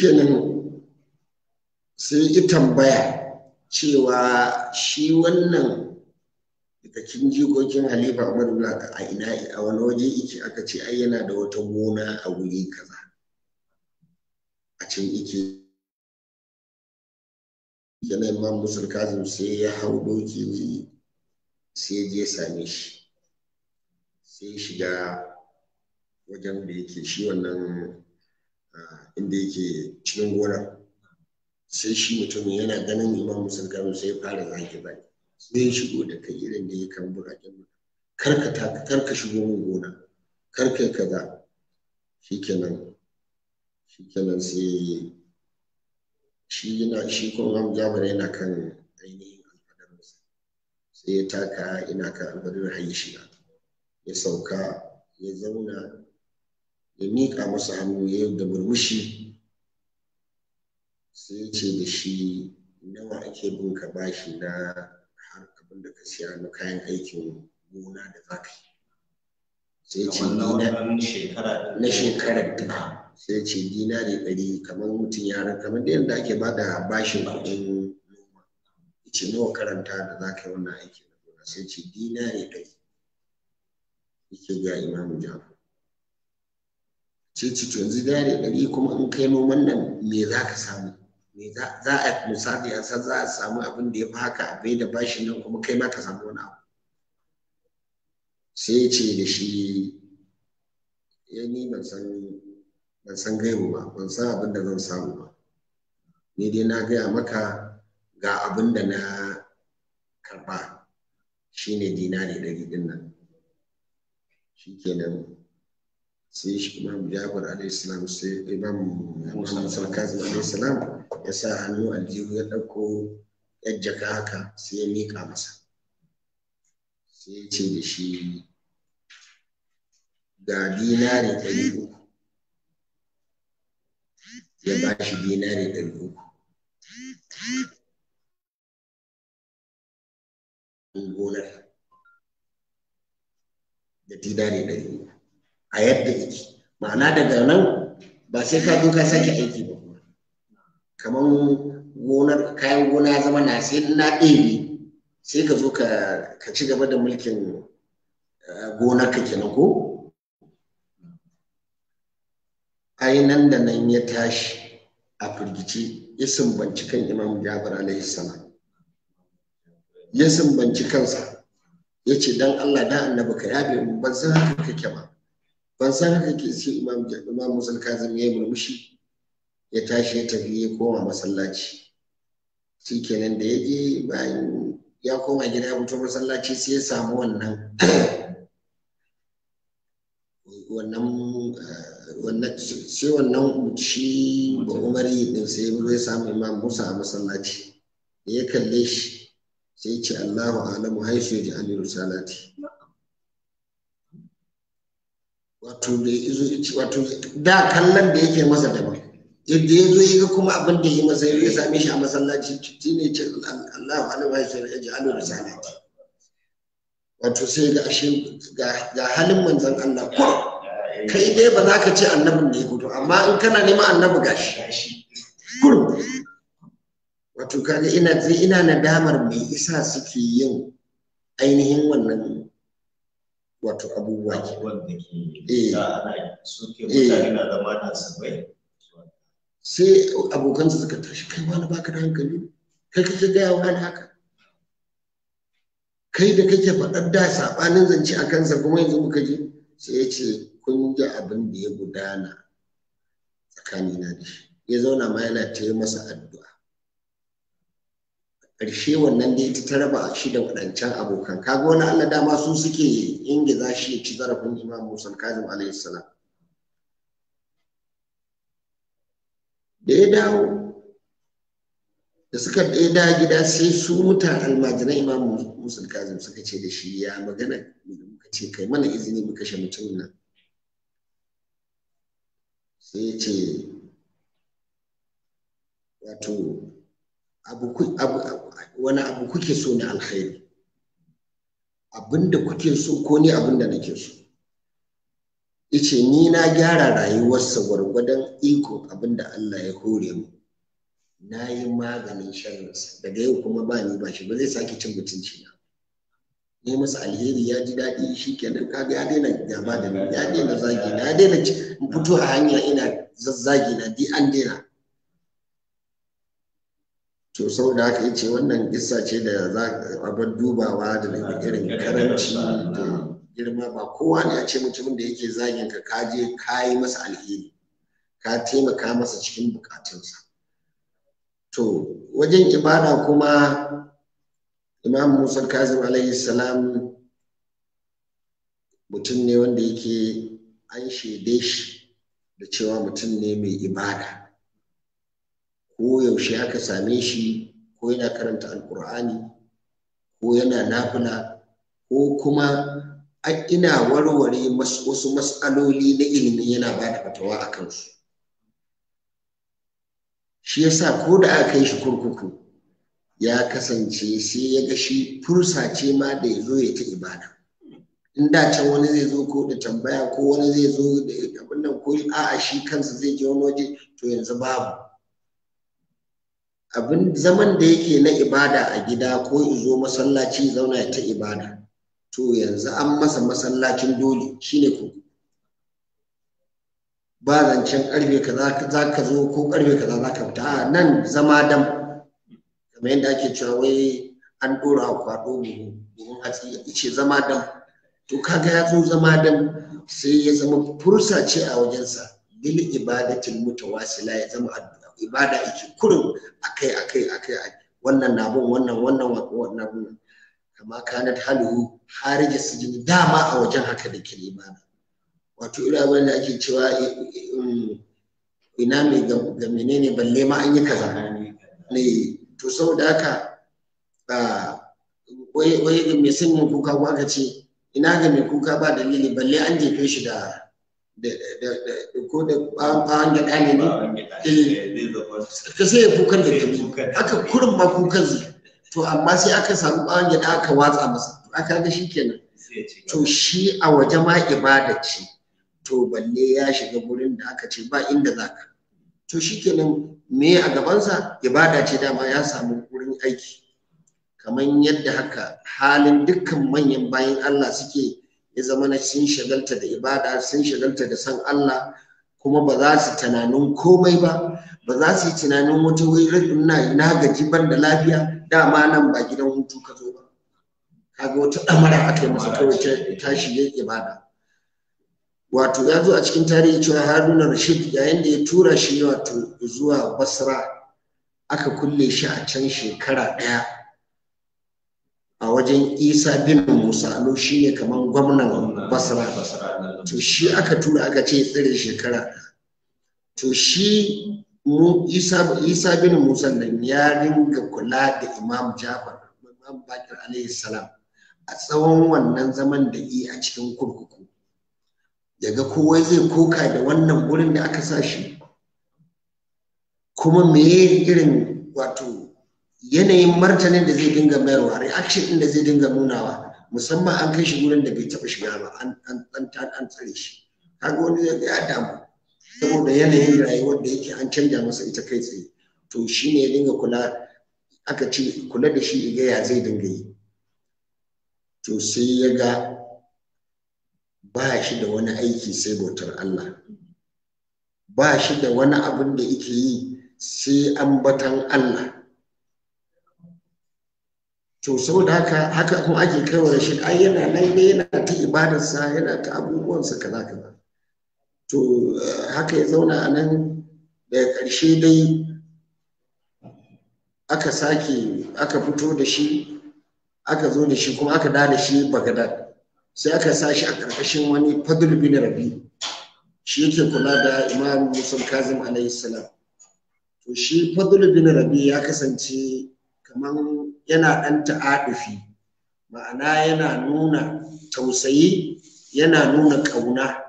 kenan sun yi tambaya cewa shi wannan cikin jikokin halifa umar bin a ina a wani waje yake aka ce ai yana da wata gona a wuri kaza a can yake yana imam musul kazim sai ya hau doki sai je same shi sai shiga wajen da yake shi wannan ah, inda yake cikin gonar sai shi mutumin yana ganin imam musul sai ya fara zaki baki sai ya shigo da kai irin da ya kan buƙatun mu karka ta karka shigo min gona karka kaza shikenan shikenan sai shi yana shi kuma ram jabir yana kan ainihin alfadar sai ya taka ina kan alfadar hayyishina ya sauka ya zauna ya miƙa masa hannu ya yi da murmushi sai ce da shi nawa ake bin ka bashi na har abin da ka siya na kayan aikin gona da za ka yi sai ce na shekarar duka sai ce dina da ɗari kamar mutum yara kamar da yadda ake ba da bashin kuɗin noma ce nawa karanta da za ka yi wannan aikin na gona sai ce dina da ɗari yake ga imamu jafar sai ce yanzu dina da ɗari kuma in kai noman nan me za ka samu me za a misali a san za a samu abin da ya fi haka abai da ba shi nan kuma kai ma ka samu wani abu sai ce da shi ya ni ban san ban san gaibu ba ban san abin da zan samu ba ni dai na gaya maka ga abin da na karba shine dinari ɗari din nan kenan sai shi imam jabir alaihi salam sai imam muhammad sarkazi alaihi salam ya sa hannu aljihu ya ɗauko yar jaka haka sai ya miƙa masa sai ya ce da shi ga dinari ɗari uku ya ba shi dinari ɗari uku gonar da dinari ɗari uku a yadda yake ma'ana daga nan ba sai ka zo ka sake aiki ba kamar gonar kayan gona ya zama na sai na ɗebe sai ka zo ka ci gaba da mulkin eh, gonar ka kenan ko ai nan da nan ya tashi a firgici ya sumbanci kan imam jabir alaihi salam ya sumbanci kansa ya ce dan Allah da annabi ka yabe mu ban san haka kake ba ban san haka ke sai imam imam musul kazim ya yi murmushi ya tashi ya tafi ya koma masallaci shi kenan da ya je bayan ya koma gida ya fito masallaci sai ya samu wannan eh, sai wannan shi ba umari din sai ya ya samu imam musa a masallaci da ya kalle shi sai ce allahu alamu haisu ya ji alilu salati wato da izo wato da kallon da yake masa daban yadda ya zo ya ga kuma abin da ya masa ya same shi a masallaci shi ne ce wa alaihi wa sai ya ji alu risalati wato sai ga ashe ga halin manzon Allah ko kai dai ba za ka ce annabin ne gudu amma in kana neman annabi gashi kurum wato kaga ina ina nadamar me isa suke yin ainihin wannan wato abubuwa ke eh eh mutane na zama na sabai sai abokansa suka tashi kai wani baka da hankali kai kake gaya wa hali haka kai da kake faɗar da saɓanin zance a kansa kuma yanzu muka ji sai ya ce kun ji abin da ya gudana tsakanina da shi ya zauna ma yana ta yi masa addu'a ƙarshe wannan da ya ta raba shi da waɗancan abokan kaga wani Allah dama su suke ingiza shi ya ci zarafin Imam Musa Kazim alaihi salam da ya dawo da suka ɗaya gida sai su mutan almajiran imam musul kazim suka ce da shi ya magana muka ce kai mana izini mu kashe mutum nan sai ce wato wani abu kuke so na alkhairi abinda kuke so ko ne abinda nake so yace ni na gyara rayuwarsa gwargwadon ikon abin da Allah ya hore mu na yi maganin sharrinsa daga yau kuma ba ni ba shi ba zai sake cin mutunci na ne masa alheri ya ji daɗi shi kenan ga ya daina gaba da ni ya daina zagi na ya daina fito a hanya ina zazzagi na di an daina to saboda haka yace wannan kissa ce da za a dubawa da irin karanci da girma ba kowa ne a ce mutumin da yake zagin ka ka je ka masa alheri ka taimaka masa cikin bukatunsa to wajen ibada kuma imam musa kazim alaihi salam mutum ne wanda yake an shaide shi da cewa mutum ne mai ibada ko yaushe aka same shi ko yana karanta alkur'ani ko yana nafila ko kuma ina warware wasu mas'aloli na ilimi yana ba da fatawa a kansu shi ya sa ko da aka yi shi kurkuku ya kasance sai ya ga shi fursa ce ma da ya zo ya ta ibada in da can wani zai zo ko da tambaya ko wani zai zo da abin nan ko a'a shi kansa zai je wani waje to yanzu babu abin zaman da yake na ibada a gida ko in zo masallaci zauna ya ta ibada to yanzu an masa masallacin dole shine ku ba zancen karfe ka za ka zo ko karfe kaza za ka fita nan zama dam kamar yadda ake cewa wai an dora kwado buhun hatsi ice zama dam to kaga ya zo zama dam sai ya zama fursa ce a wajensa bil ibadatin mutawasila ya zama ibada ake kurin akai akai akai wannan nabun wannan wannan wannan kama kanat halu ya sujudi dama a wajen haka da ke limana wato irin wanda ake cewa um, ina mai ga menene balle ma an yi kaza ne to saboda haka wai ga mai yin kuka ko aka ce ina ga mai kuka ba dalili balle an jefe shi da ko da bawan da ɗane ne eh, ka sai ya kukan da kabi haka kurin ma kukan zai to amma sai aka samu ɓawon gida aka watsa masa to aka ga shi to shi a waje ma ibada ce to balle ya shiga gurin da aka ce ba inda zaka to shi kenan me a gabansa ibada ce dama ya samu wurin aiki kamar yadda haka halin dukkan manyan bayan Allah suke ya zama na sun shagalta da ibada sun shagalta da san Allah kuma ba za su tunanin komai ba ba za su yi tunanin wata wai na gaji ban da lafiya dama nan ba gidan hutu ka zo ba kaga wata damara aka yi masa kawai ta tashi ya ibada wato ya zo a cikin tarihi cewa haruna rashid yayin da ya tura shi wato zuwa basra aka kulle shi a can shekara ɗaya a wajen isa bin musa no shi ne kamar gwamnan basra to shi aka tura aka ce tsire shekara to shi isa bin musa nan ya ringa kula da imam jafar imam bakir alaihi salam a tsawon wannan zaman da yi a cikin kurkuku daga kowa zai koka da wannan gurin da aka sa shi kuma meye irin wato yanayin martanin da zai dinga mayarwa reaction din da zai dinga nunawa musamman an kai shi gurin da bai taba shiga ba an tsare shi kaga wani ya damu saboda yanayin rayuwar da yake an canja masa ita kai tsaye to shi ne ya dinga kula aka ce kula da shi ga ya zai dinga yi to sai ya ga ba shi da wani aiki sai bautar Allah ba shi da wani abin da yake yi sai an ambatan Allah to saboda haka haka kuma ake kaiwa da shi ai yana nan yana ta ibadarsa yana ta abubuwansa kaza kaza to haka ya zauna a nan daga ƙarshe dai aka sake aka fito da shi aka zo da shi kuma aka da da shi bagadar sai aka sa shi a ƙarƙashin wani fadl bin rabi shi yake kula da imam musul kazim alayhi salam to shi fadl bin rabi ya kasance kamar yana ɗan ta'adufi ma'ana yana nuna tausayi yana nuna ƙauna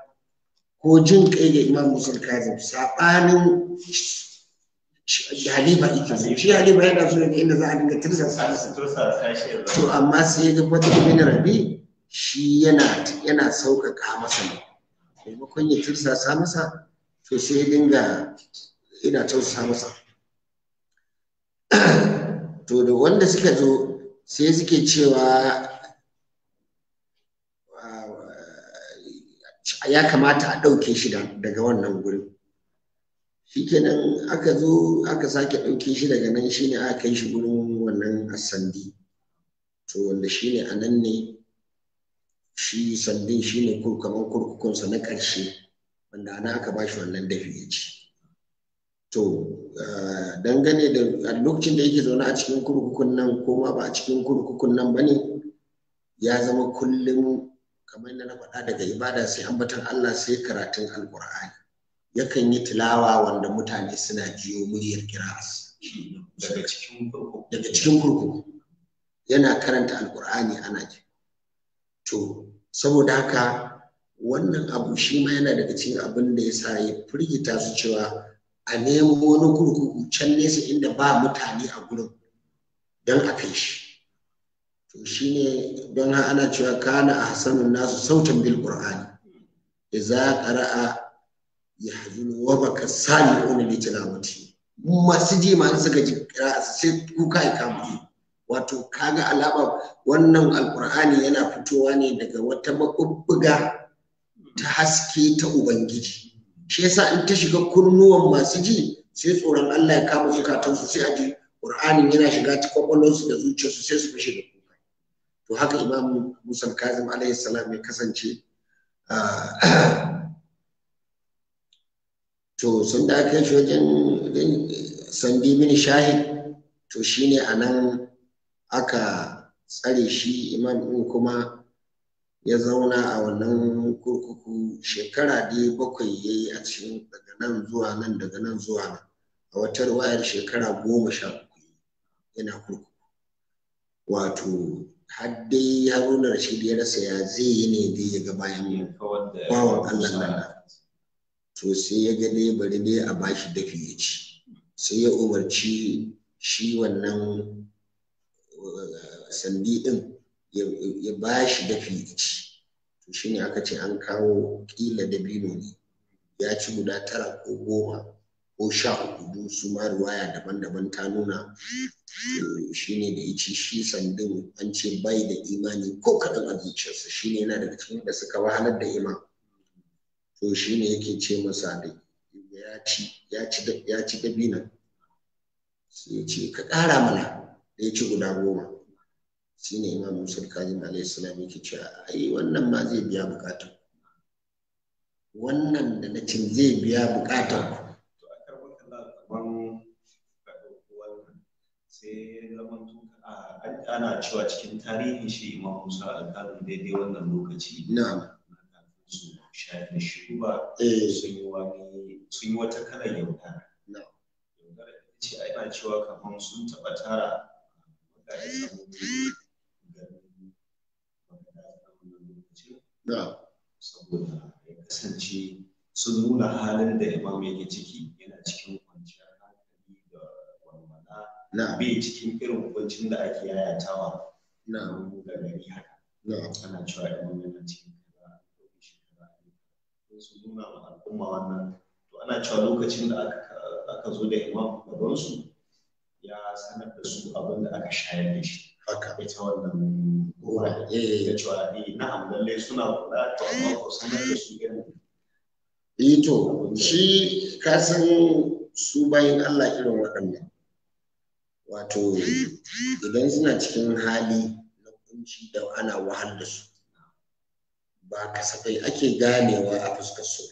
ko jin kai ga imam musul kazim saɓanin haliba ita zai shi haliba yana so ne inda za a dinga tursa sa to amma sai ga wata ibn rabi shi yana yana sauƙaƙa masa ne maimakon ya tursa sa masa to sai ya dinga ina tausasa masa to da wanda suka zo sai suke cewa ya kamata a ɗauke shi daga wannan gurin shikenan aka zo aka sake ɗauke shi daga nan shine aka kai shi gurin wannan sandi to wanda shine a nan ne shi sandin shine kamar kurkukunsa na ƙarshe wanda ana aka ba shi wannan dafi ya ci to eh, dangane da lokacin da yake zaune a cikin kurkukun nan ko ma ba a cikin kurkukun nan ba ne ya zama kullum kamar yadda na faɗa daga ibada sai ambaton Allah sai karatun alkur'ani yakan yi tilawa wanda mutane suna jiyo muryar kira'as daga cikin kurkuku yana karanta alkur'ani ana ji to saboda haka wannan abu shi ma yana daga cikin abin da ya sa ya firgita su cewa a nemo wani kurkuku can nesa inda ba mutane a gurin don a kai shi shine don ha ana cewa kana hasanun nasu sautan bil qur'ani idza qara'a yahzun wa baka sami'una li tilawati masu ji ma suka ji qira'a sai kuka ya kama wato kaga alaba wannan alqur'ani yana fitowa ne daga wata makubbuga ta haske ta ubangiji shi yasa in ta shiga kunnuwan masu ji sai tsoron Allah ya kama zukatansu sai a ji yana shiga cikin kwakwalwarsu da zuciyarsu sai su fashe da to haka imam musa kazim alayhi salam ya kasance ah, to sun da aka shi wajen eh, sandi mini shahid to shine a nan aka tsare shi imam ɗin kuma ya zauna a wannan kurkuku shekara da bakwai ya yi a cikin daga nan zuwa nan daga nan zuwa nan a wata ruwayar shekara goma sha uku yana kurkuku wato har dai haruna rashid ya rasa ya zai yi ne dai ya ga bayan bawan allah na nan to sai ya ga dai bari ne a bashi dafi ya ci sai ya umarci shi wannan uh, sandi din ya bashi dafi ya ci to ne aka ce an kawo ƙila dabino ne ya ci guda tara ko goma ko sha uku su ma ruwaya daban-daban ta nuna eh, shi ne da ya shi sandin an ce bai da imani ko kaɗan a zuciyarsa shi ne yana daga cikin da suka wahalar da iman. to shi ne yake ce masa da ya ci dabinan sai ya ce ka ƙara mana da ya ci guda goma shi ne imam musul da alayhi salam yake cewa ai wannan ma zai biya bukatar wannan da na cin zai biya bukatar sai zaman ana cewa cikin tarihin shi imam musa alƙalin daidai wannan lokaci na su shafi shi ba eh. sun yi wani sun yi wata kalan yaudara yaudara ita ce ana cewa kamar sun taɓa tara saboda ya kasance sun nuna halin da imam yake ciki yana cikin Na bai cikin irin hukuncin da ake yayatawa na rubu ga gari haka ana cewa imam yana cikin kaza ko shi kaza ne su nuna ma al'umma wannan to ana cewa lokacin da aka zo da imam gaban su ya sanar da su abin da aka shayar da shi haka ita wannan gora ya eh. cewa ni eh, na'am lalle suna kula to amma ko sanar da su irin eh to shi kasan su bayan Allah irin waɗannan wato idan suna cikin hali na kunci da ana wahal su ba kasafai ake ganewa a fuskar su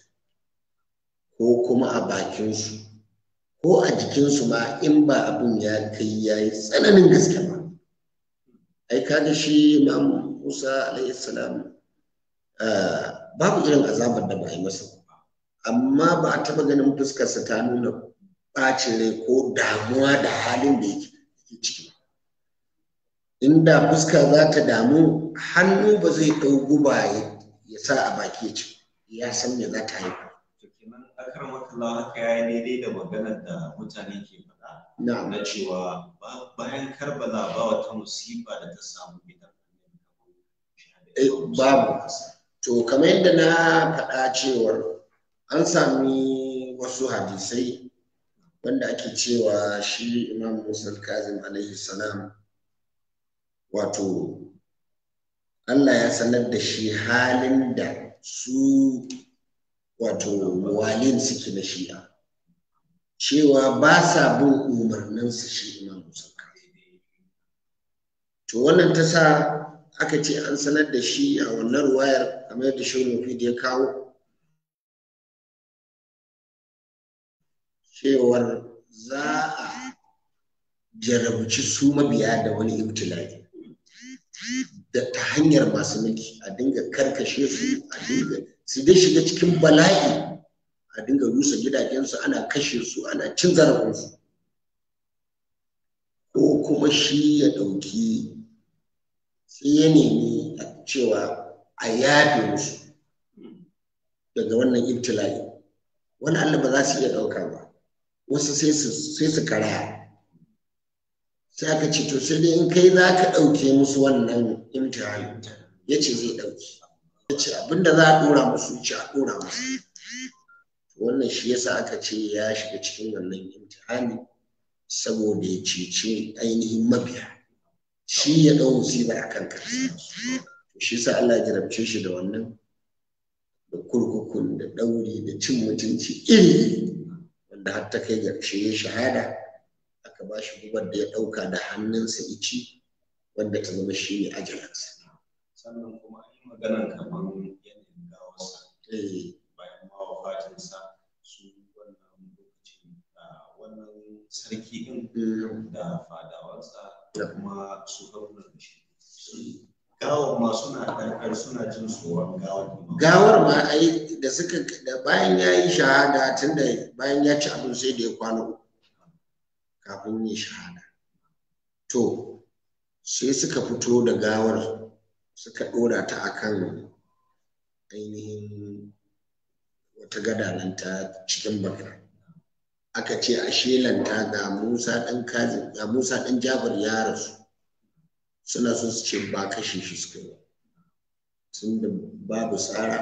ko kuma a bakin su ko a jikin su ma in ba abin ya kai ya yi tsananin gaske ba ai kaga shi Imam Musa alayhi salam babu irin azabar da ba yi masa amma ba a taba ganin fuskarsa ta nuna ɓacin rai ko damuwa da halin da yake ciki inda fuska za ta damu hannu ba zai ɗau guba ya sa a baki ya ci ya san me za ta yi kenan akar makalla haka ya daidai da maganar da mutane ke faɗa na cewa bayan karbala ba wata musiba da ta samu gidan eh, babu to kamar yadda na faɗa cewar an sami wasu hadisai wanda ake cewa shi imam musa kazim alaihi salam wato allah ya sanar da shi halin da su wato muwalin suke na shi'a cewa ba sa bin umarninsu shi imam musa to wannan ta sa aka ce an sanar da shi a wannan ruwayar kamar da shi ya kawo cewar za a jarabci su mabiya da wani ibtila'i da ta hanyar masu mulki a dinga karkashe su a dinga su dai shiga cikin bala'i a dinga rusa gidajensu ana kashe su ana cin zarafinsu ko kuma shi ya ɗauki sai ya nemi a cewa a yafe musu daga wannan ibtila'i wani Allah ba za su iya ɗauka ba wasu sai su kara. sai aka ce to sai dai in kai za ka ɗauke musu wannan imtihani ya ce zai ɗauke ya ce abinda za a ɗora musu ce a ɗora musu wannan shi yasa aka ce ya shiga cikin wannan imtihan saboda ya cece ainihin mabiya shi ya ɗau musibar a kan kansa shi yasa Allah ya jarabce shi da wannan da kurkukun da ɗauri da cin mutunci iri da har ta kai ga ya shahada aka ba shi gubar da ya ɗauka da hannunsa ici wanda ta zama shi ne ajalansa. Sannan kuma an yi magana kamar yanayin yi eh. bayan mawa fatinsa su wannan lokacin wannan sarki ɗin mm. da fadawansa da kuma su da shi. Mm. gawar ma suna karkar da suka da bayan ya yi shahada tun da bayan ya ci abin sai da ya kwana uku kafin yi shahada to sai suka fito da gawar suka ɗora ta kan ainihin wata gada nan ta cikin bakar aka ce a shelanta ga musa ɗan ga musa dan jabar ya rasu suna son su ce ba kashe shi suka yi Tunda da babu tsara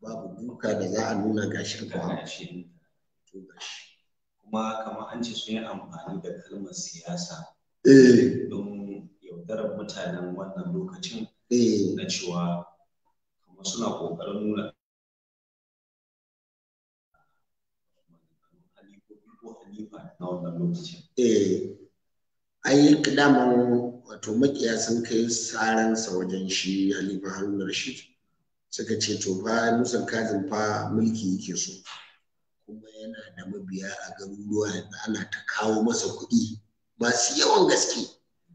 babu duka da za a nuna gashi da ba to gashi kuma kamar an ce sun yi amfani da kalmar siyasa eh. don yaudarar mutanen wannan lokacin eh. na cewa kuma suna kokarin nuna ko halifa na wannan lokacin. Eh, wato makiya sun kai saransa wajen shi halifa haruna rashid suka ce to fa musan kazin fa mulki yake so kuma yana da mabiya a garuruwa da ana ta kawo masa kuɗi masu yawan gaske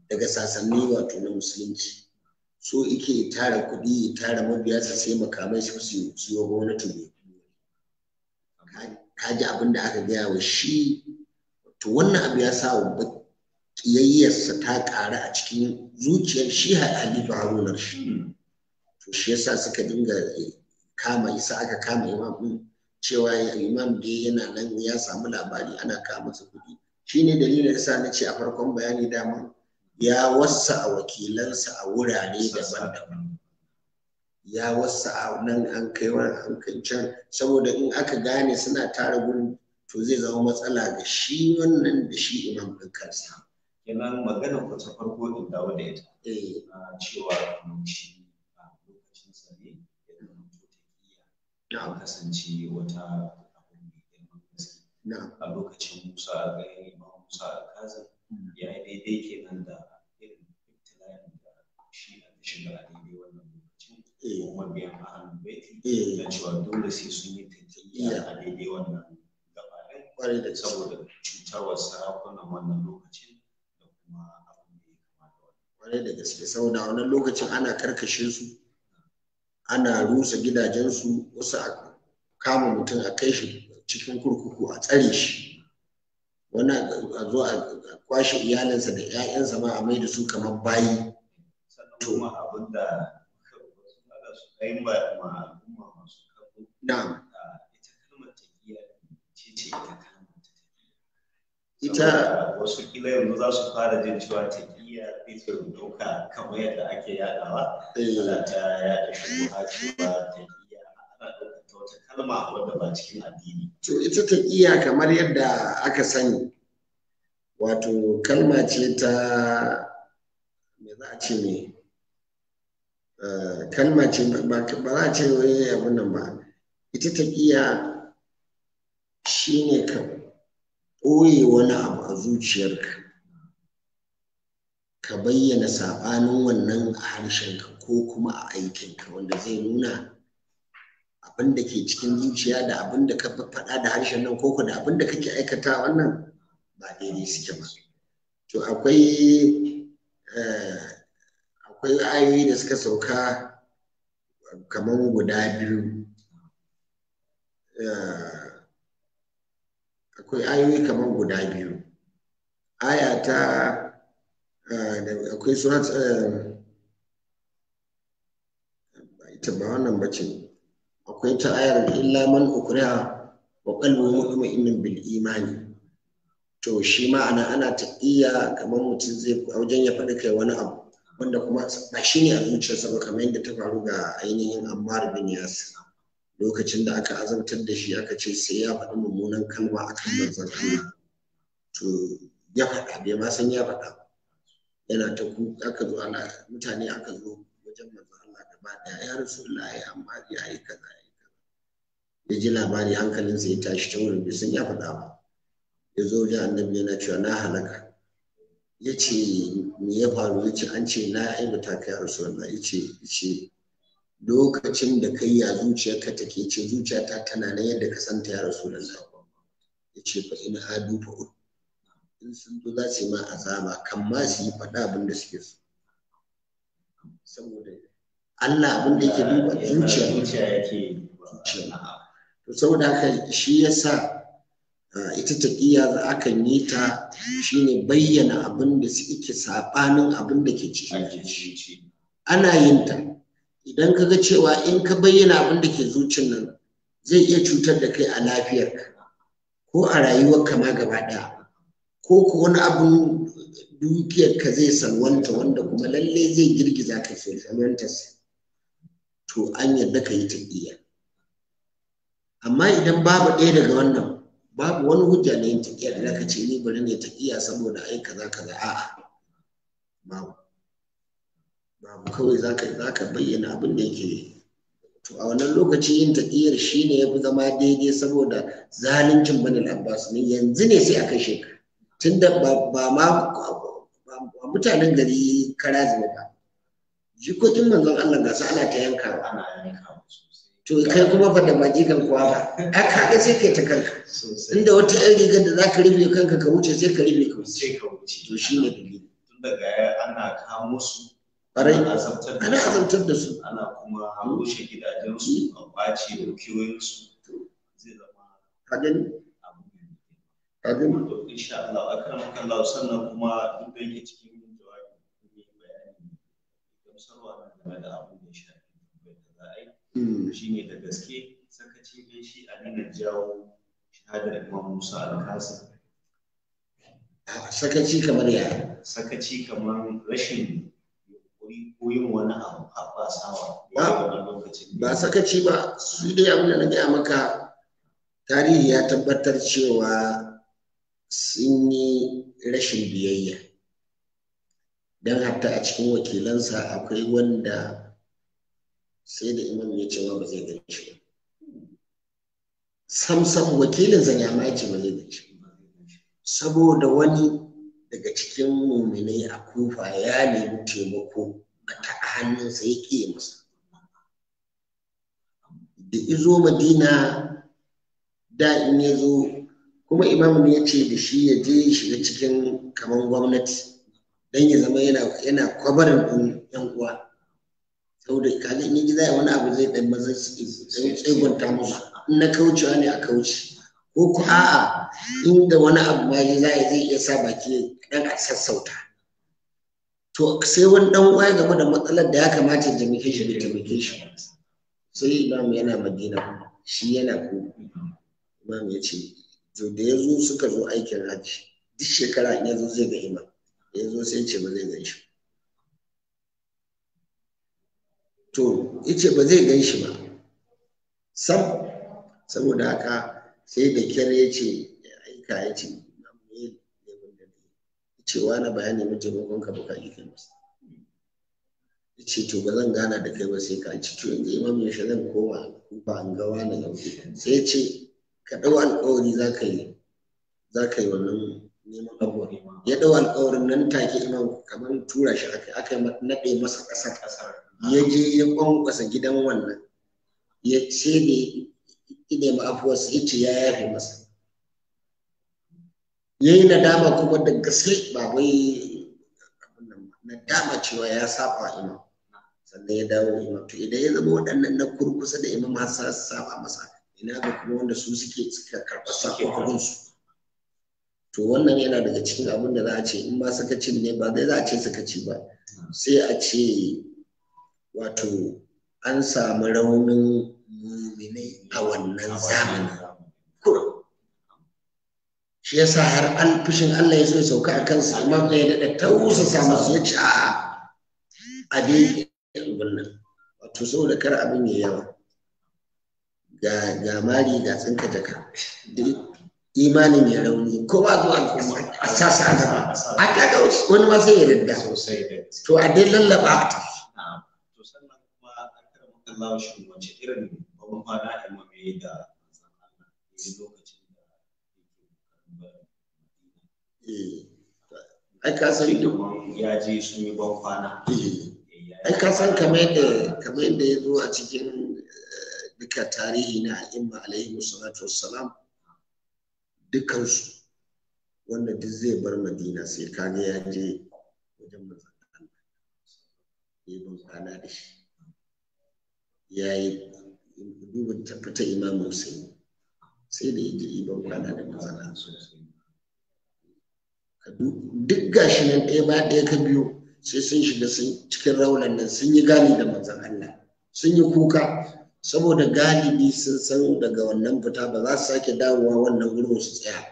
daga sasanni wato na musulunci so ike tara kuɗi ya tara mabiya su sai makamai su su siyo gwamnati ne ka ji abin da aka gaya wa shi to wannan abu ya sa wa ƙiyayyarsa ta ƙara a cikin zuciyar shi a Haruna shi to shi yasa suka dinga eh, kama isa aka kama imam din cewa imam dai yana nan ya samu labari ana kama masa kuɗi ne dalilin yasa na ce a farkon bayani dama ya wasa a wakilansa a wurare daban-daban ya wasa a nan an kai wa an saboda in aka gane suna tara gurin to zai zama matsala ga shi wannan da shi imam ɗin kansa kenan maganar ku ta farko in dawo da ita na eh. cewa kunci a lokacin sa ne ya zama taƙiya kasance wata abu mai girman gaske a lokacin Musa a ga ma Musa a hmm. ya yi daidai kenan da irin ibtila'in da shi a shiga a daidai wannan lokacin eh. kuma biyan a hannun baiti eh. na cewa dole sai sun yi taƙiya a daidai wannan gabanin saboda cutarwar sarakunan wannan lokacin kuma da wani gaske saboda wannan lokacin ana karkashe su ana rusa gidajensu wasu a kama mutum a kai shi cikin kurkuku a tsare shi wani a zo a kwashe iyalinsa da 'ya'yansa ma a mai da su kamar bayi to ma abin da su ma al'umma masu ita kalmar ce ita ita wasu kila yanzu za su fara jin cewa ta iya fitar dauka kamar yadda ake yadawa eh. ana ta yada shubuha cewa ta iya ana ɗaukar ta wata kalma wadda ba cikin addini to ita ta iya kamar yadda aka sani wato kalma ce ta me za a ce ne eh, kalma ce ba za a ce wani abin nan ba ita ta iya ne kan ɓoye wani abu a zuciyarka ka bayyana saɓanin wannan a harshenka ko kuma a aikinka wanda zai nuna abin da ke cikin zuciya da abin da ka faɗa da harshen nan ko da abin da kake aikata wannan ba daidai suke ba to akwai eh, akwai ayoyi da suka sauka kamar guda biyu eh, akwai ayoyi kamar guda biyu aya ta eh, akwai surat eh, ita ba wannan bace akwai ta ayar illa man wa wa qalbu mu'minin bil imani to shi ma ana ana ta iya kamar mutum zai wajen ya faɗi kai wani abu wanda kuma ba shi ne a zuciyarsa ba kamar yadda ta faru ga ainihin ammar bin yasir lokacin da aka azabtar da shi aka ce sai ya faɗi mummunan kalma kan manzon Allah to ya faɗa bai ma san ya faɗa yana ta ku aka zo ana mutane aka zo wajen manzon Allah gaba daya ya rasu yi amma ya yi kaza ya yi kaza ya ji labari hankalinsa ya tashi ta wurin bai san ya faɗa ba ya zo wajen annabi yana cewa na halaka ya ce me ya faru ya ce an ce na aibata kai rasulullahi ya ce lokacin da kai ya ka take ce zuciya ta tana na yadda ka santa ya rasu rasulullah ya ce fa ina hadu fa in sun zo za su yi ma azaba kan ma su yi faɗa abin da suke so saboda Allah abin da yake duba zuciya yake zuciya to saboda haka shi ya sa ita za da kan yi ta shine bayyana abin da suke saɓanin abin da ke ciki ana yin ta idan ka ga cewa in ka bayyana abin da ke zuciyar nan zai iya cutar da kai a lafiyarka ko a rayuwar ma gaba ɗaya ko ko wani abin ka zai salwanta wanda kuma lalle zai girgiza ka sai to an yadda ka yi tafiya amma idan babu ɗaya daga wannan babu wani hujja na yin tafiya da ce ni bari ne tafiya saboda za kaza kaza a'a babu babu kawai za ka bayyana abin da yake to a wannan lokaci yin taƙiyar shi ne ya fi zama daidai saboda zaluncin bani abbas ne yanzu ne sai aka kashe Tunda ba ma mutanen gari kara zama ba jikokin manzon allah ga su ana ta yanka. to kai kuma fa da majikan kuwa ba aka ga sai kai ta kanka inda wata yan rigar da za ka rufe kanka ka wuce sai ka rufe ka wuce to shi ne dalili tun ana kawo musu ƙarai ana azabtar da su ana kuma rushe gidajensu hmm. a ɓace da kiwoyinsu zai zama ka gani ka gani to insha Allah akan kallahu sannan kuma duk da yake cikin jawabi kuma bayani gamsarwa na game da abin da ya shafi da za a yi hmm. shine da gaske sakaci ne shi a nuna jawo shahadar Imam Musa al-Qasim ah, sakaci kamar ya sakaci kamar rashin yunkuri ko yin wani abu habbasawa ba sakaci ba su dai abin da na gaya maka tarihi ya tabbatar cewa sun yi rashin biyayya don hatta a cikin wakilansa akwai wanda sai da imam ya ce ba zai gani shi ba sam sam wakilin zan ya ce ba zai gani saboda wani daga cikin muminai a kufa ya nemi taimako a a hannunsa ya ke masa da izo madina da in ya zo kuma imamu ya ce da shi ya je shiga cikin kaman gwamnati don ya zama yana kwabarin ɗin yan uwa saboda kaga in ya ji wani abu zai ɗan maza su tsegunta musu na kaucewa ne a kauce ko ku a'a inda wani abu ma za a zai iya sa baki dan a sassauta to sai wani dan uwa game da matsalar da ya kamata ya taimake shi da taimake shi sai imam yana madina shi yana ko imam ya ce to da ya zo suka zo aikin hajji duk shekara in ya zo zai ga imam ya zo sai ce ba zai gan shi to ya ce ba zai gan shi ba sab saboda haka sai da kyar ya ce ya aika ya ce cewa na bayani na taimakon ka baka yi kai masa ya ce to ba zan gana da kai ba sai ka ci to yanzu imam ya shi zan koma ba an gawa na gauke sai ya ce ka ɗau alƙawari za ka yi za ka yi wannan neman abuwa ya ɗau alƙawarin nan take imam kamar tura shi aka aka naɗe masa ƙasa ƙasa ya je ya kwankwasa gidan wannan ya ce ne ne ma su yace ya yafe masa yayi nadama kuma da gaske ba wai nadama cewa ya saba imam sannan ya dawo imam to idan ya zama waɗannan na kurkusa da imam har sa saba masa ina ga kuma wanda su suke suka karɓar sakamakon su to wannan yana daga cikin abin da za a ce in ma sakacin ne ba zai za a ce sakaci ba sai a ce wato an samu raunin a wannan zamanin kurum shi ya sa har an fushin Allah ya so ya sauka a kansu amma da ya daɗa tausasa masu ya ci a abin nan wato saboda kar abin ya yawa ga ga mari ga tsinka jaka imanin ya rauni ko ba zuwa al'umma a sassa a gaba a kaga wani ma sai ya rinda to a dai lallaba to sannan kuma a karamakon lawa shi irin ban kwana a da lokacin da yake Madina. Eh, ai ka san duk ya je yi ban kwana. Eh, ai ka san kamar yadda kamar yadda ya zo a cikin eh, duka tarihi na al'imma alaihi salatu wassalam dukansu wanda duk zai bar madina sai kaga ya je wajen manzan Allah ya ban kwana da shi ya yi duba ta imam Hussein sai da ya ji ban kwana da matsala sosai duk gashi nan ɗaya ba ɗaya ka biyo sai sun shiga cikin raunan nan sun yi gani da manzon Allah sun yi kuka saboda galibi sun san daga wannan fita ba za su sake dawowa wannan wurin su tsaya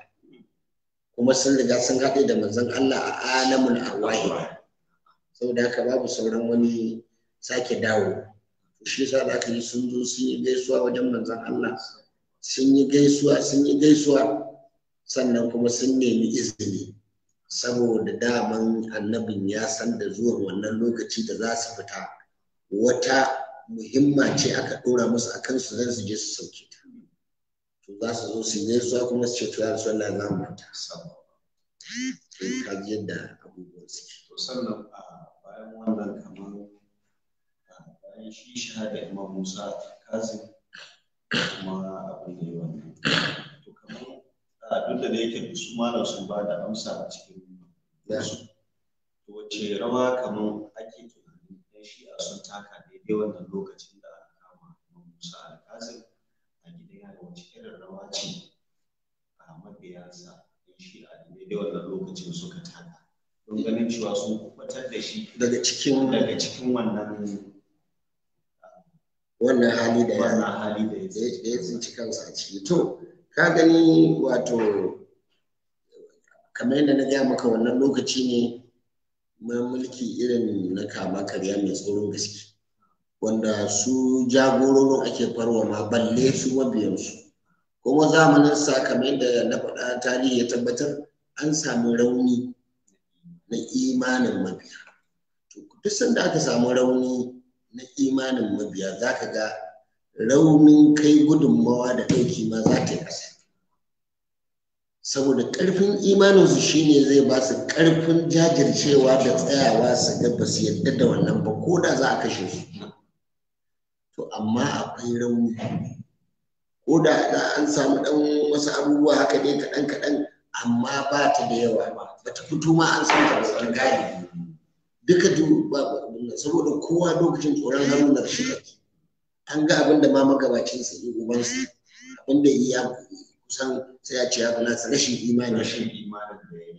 kuma sun riga sun haɗe da manzon Allah a alamun awahi saboda haka babu sauran wani sake dawo shi yasa za ka yi sun zo sun yi gaisuwa wajen manzon Allah sun yi gaisuwa sun yi gaisuwa sannan kuma sun nemi izini saboda daman annabin ya san da zuwan wannan lokaci da za su fita wata muhimma ce aka ɗora musu a kansu zan su je su sauke ta to za su zo su yi gaisuwa kuma su ce to ya rasu Allah za mu fita sabo ka yadda abubuwan suke to sannan bayan wannan kamar bayan shi da Imam Musa Kazim kuma abin da ya wannan to kamar duk da yake su malam sun ba da amsa a cikin nasu to wace rawa kamar ake tunanin ɗan shi'a sun taka daidai wannan lokacin da aka kama Imam Musa Al-Kazim a gidan yaro wace irin rawa ce a mabiyansa ɗan shi'a daidai wannan lokacin suka taka don ganin cewa sun kubatar da shi daga cikin daga cikin wannan wannan hali da yana Hali da ya zinci kansa a ciki to ka gani wato kamar yadda na gaya maka wannan lokaci ne mulki irin na kama karya mai tsoron gaske wanda su jagororin ake farwa ma balle su mabiyansu kuma zamanin sa kamar yadda na faɗa tarihi ya tabbatar an samu rauni na imanin mabiya duk sanda aka samu rauni na imanin mabiya za ka ga raunin kai gudunmawa da aiki ma za ta yi ƙasa saboda ƙarfin imaninsu shine zai ba su ƙarfin jajircewa da tsayawa su ga ba su yadda da wannan ba ko da za a kashe su to amma akwai rauni ko da an samu ɗan wasu abubuwa haka ne kaɗan kaɗan amma ba ta da yawa ba ta fito ma an san ta ba duka haruna saboda kowa lokacin tsoron da shi an ga abin da ma magabacin sa yi ubansa abin da ya kusan sai ya ce ya kula nasa rashin imani shi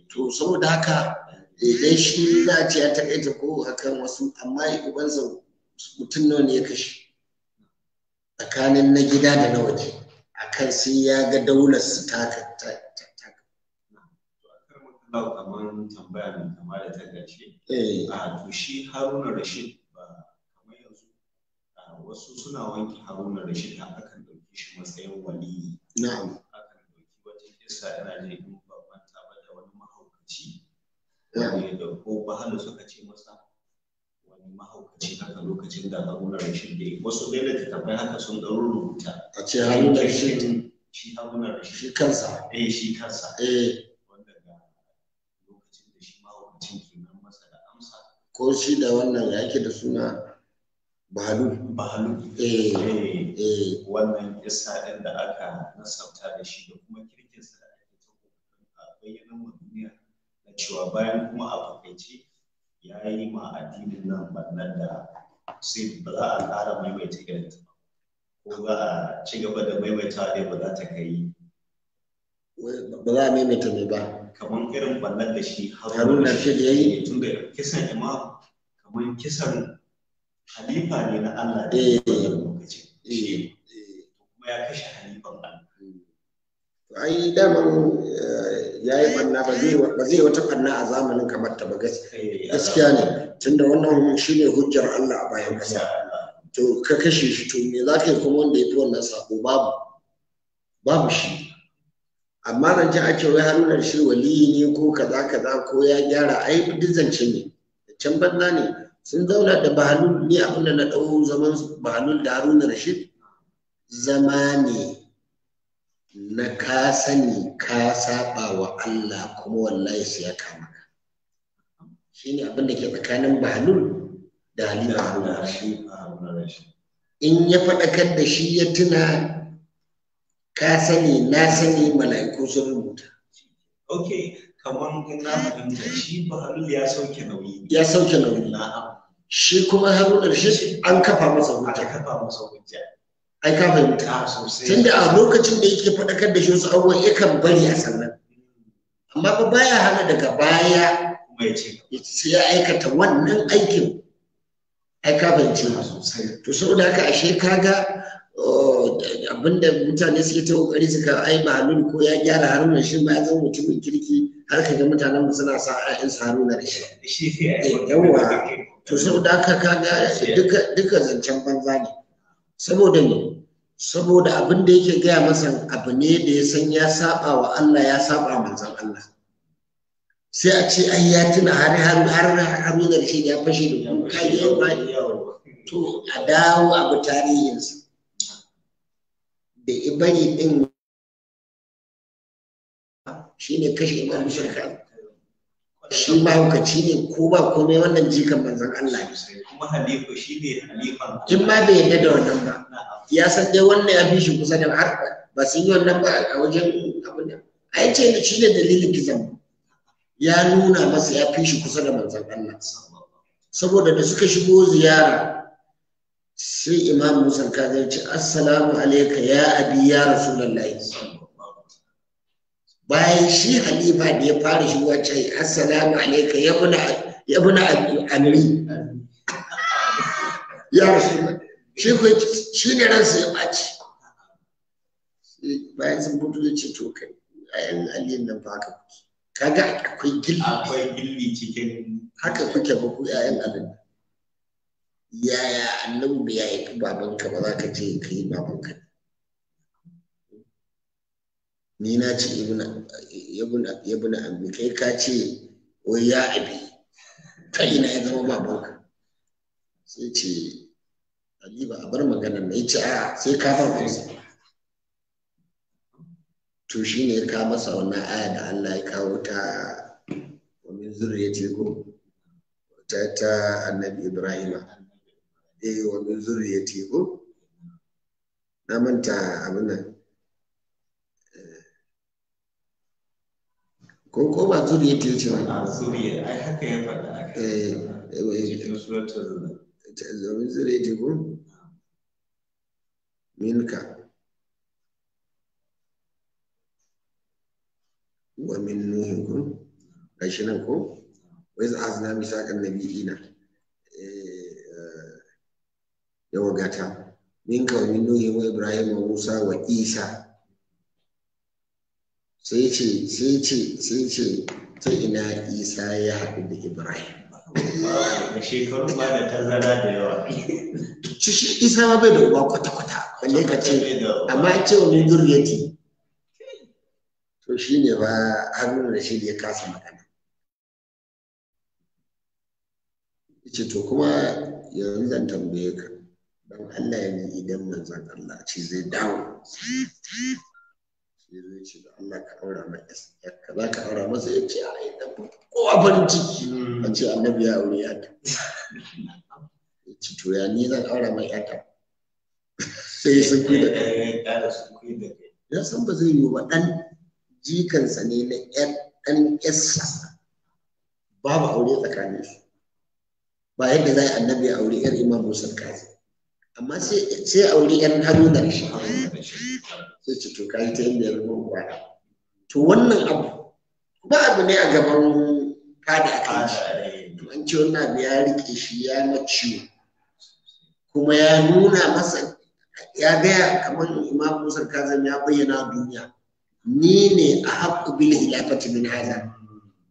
to saboda haka idan shi za a ce ya taƙaita ko akan wasu amma sa mutum nawa ne ya kashe tsakanin na gida da na waje akan sai ya ga daular su taka ba kamar tambaya mai kama da ta gace eh. a ah, to shi haruna rashid ba kamar yanzu ah, wasu suna wanke haruna rashid a akan ɗauki shi matsayin waliyi na'am akan ɗauki wata kisa yana da yin bambanta ba da wani mahaukaci eh, da ko bahalu suka ce masa wani mahaukaci haka lokacin da haruna shi da wasu ɗaya da tattafai haka sun ɗaru rubuta a ce haruna rashid shi haruna da shi kansa eh shi kansa eh ko shi da wannan yake da suna bahalu bahalu eh eh wannan kisa ɗin da aka nasabta da shi da kuma kirkin sa da ake ta a bayyana wa duniya na cewa bayan kuma a fakaice ya yi ma addinin nan bannan da sai ba za a ƙara maimaita irin ko ba a ci gaba da maimaita dai ba za ta kai ba za a maimaita ne ba kamar irin bannan da shi haruna shi da ya yi tun da kisan imamu kamar kisan halifa ne na Allah da eh. lokaci eh. kuma ya kashe halifan Allah ai daman eh, ya yi banna ba zai wata banna a zamanin kamar ta ba gaskiya ne tunda wannan shi ne hujjar Allah a bayan kasa to ka kashe shi to me za ka yi kuma wanda ya fi wannan sako babu babu shi amma nan ji ake wai harunar shi waliyi ne ko kaza kaza ko ya gyara ai duk zance ne can banna ne sun zauna da bahalul ni abin da na ɗau zaman bahalul da haruna rashid zama ne na ka sani ka saba wa Allah kuma wallahi sai ya kama shi abin da ke tsakanin bahalul da haruna rashid in ya faɗakar da shi ya tuna ka sani na sani mala'iku sun rubuta okay kamar in na fahimta shi bahalul ya sauke nauyi ya sauke nauyi na'am shi kuma haruna da shi an kafa masa hujja kafa masa hujja ai ka fahimta sosai tunda a lokacin da yake faɗakar da shi wasu abubuwan yakan bari a sannan hmm. amma ba baya hana daga baya sai ya aikata wannan aikin ai ka fahimci ma sosai to saboda haka ashe kaga oh, abinda mutane suke ta kokari suka ai malul ko ya gyara haruna shi ma ya zama mutumin kirki Harka da ga mutanen mu suna sa ƴaƴan su haruna da shi eh, yawa to saboda haka kaga duka duka zancen banza ne saboda ne saboda abin da yake gaya masa abu ne da ya san ya saba wa Allah ya saba manzon Allah sai a ce ai ya tuna har har har haruna da shi ya fashe da kai ya ba to a dawo abu tarihinsa da ibari din shi ne kashe imam shirka shi mahaukaci ne ko ba komai wannan jikan manzan Allah ne kuma halifu shi ne halifan in ma bai yadda da wannan ba ya san dai wannan ya fi shi kusa da har ba sun yi wannan ba a wajen abin da ai ce ne shi ne dalilin gizan ya nuna masa ya fi shi kusa da manzan Allah saboda da suka shigo ziyara sai imam musa kaga ya ce assalamu alayka ya abi ya rasulullahi bayan shi halifa da ya fara shi wacce assalamu alaikum ya buna ya buna amri ya shi shi ko shi ne ransa ya ɓaci bayan sun fito da ce to kai ayan aliyin nan ba ka kaga akwai gilli akwai gilli cikin haka kuke ba ku yayan abin yaya annabi ya yi babanka ba za ka je ka yi babanka ni na ce ya buna abu kai ka ce wai ya abi ta ina ya zama ka sai ce ali ba a bar magana na ya ce a sai ka fa kansa to shi ne ya kama masa wannan aya da Allah ya kawo ta wa ya ce ko ta ta annabi ibrahim eh wa min zurriyati ko na manta abin nan ko ko ba zuriya ya ce ba zuriya wa min nuhin ko gashi ko wai za a zina misakan eh, eh, yawa gata minka wa min nuhin wa ibrahim wa musa wa isa sai ce sai ce sai ce ta ina isa ya haɗu da ibrahim a shekaru ba da tazara da yawa shi isa ma bai da uwa kwata-kwata balle ka ce amma ce wani zurriyati to shi ne ba hannun da shi ya kasa magana ce to kuma yanzu zan tambaye ka don allah ya idan manzan allah ce zai dawo ya zo ya ce da Allah ka aura mai ka za ka aura masa ya ce ai da kowa farin ciki a ce annabi ya aure yata ya ce to ya ni zan aura mai yata sai ya sun eh, da kai ya san ba zai yi wa ɗan jikansa ne na ɗan ƴarsa babu aure tsakanin su ba yadda za a annabi ya aure ƴar imam musul kazi amma sai auri yan haruna da shi sai ci to kai ta yadda to wannan abu ba abu ne a gaban fada a kan shi an ce wannan abu ya rike shi ya na ciwo kuma ya nuna masa ya gaya kamar imam musa kazan ya bayyana duniya ni ne a haƙƙu bil hilafati min haza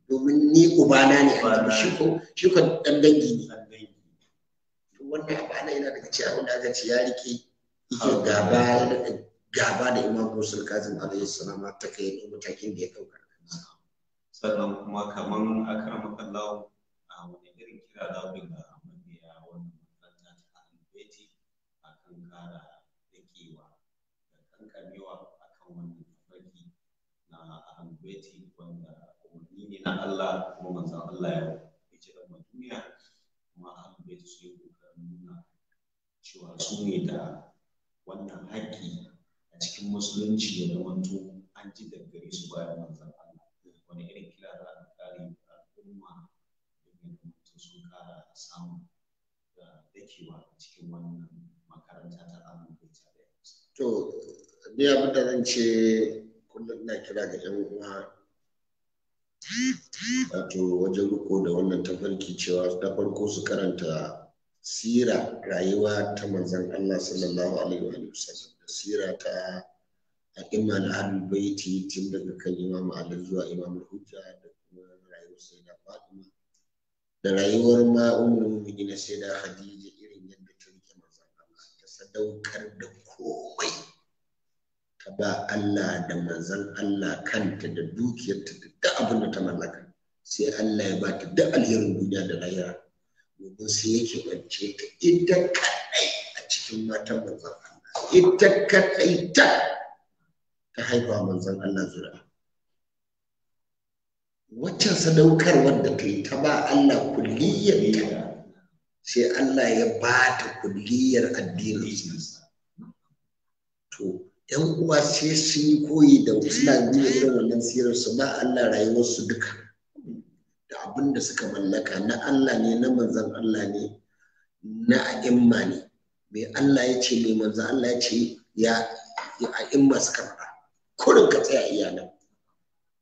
domin ni ubana ne a shi ko shi ko dan dangi ne wanda ya gane yana daga cikin abin da aka ce ya rike yake gaba gaba da imam musul kazim alayhi salama ta kai ne matakin da ya dauka sannan kuma kaman akram kallahu a wani irin kira da bin da a wannan makaranta ta a kan kara dakewa da kankamewa akan wannan tafarki na alibeti wanda umarni ne na Allah kuma manzan Allah ya cewa su ne da wannan haƙƙi a cikin musulunci ya zamanto an ji daga su bayan manzan Allah wani irin kira za a kare al'umma don da zamanto sun kara samun da dakewa a cikin wannan makaranta ta Allah da ita da To, ni abin da zan ce kullum ina kira ga 'yan uwa wato wajen riko da wannan tafarki cewa na farko su karanta sira rayuwa ta manzan Allah sallallahu alaihi wa sallam da sira ta a'imma na baiti tun daga kan imam Ali zuwa imam hujja da kuma rayuwar sayyida Fatima da rayuwar ma ummul mu'minin sayyida Khadija irin yadda ta rike Allah ta sadaukar da komai ta ba Allah da manzan Allah kanta da dukiyarta da duk abin da ta mallaka sai Allah ya ba ta duk alherin duniya da lahira domin sai yake bance ta ita kaɗai a cikin matan manzan Allah ita kaɗai ta ta haifa manzon Allah zura waccan sadaukar wanda ta yi ta ba Allah ta sai Allah ya ba ta kulliyar addininsa to ‘yan uwa sai sun yi koyi da suna biyu irin wannan sirar su ba Allah rayuwarsu duka da abin da suka mallaka na Allah ne na manzan Allah ne na a'imma ne mai Allah ya ce mai manzan Allah ya ce ya a'imma suka faɗa kurin ka tsaya iyalan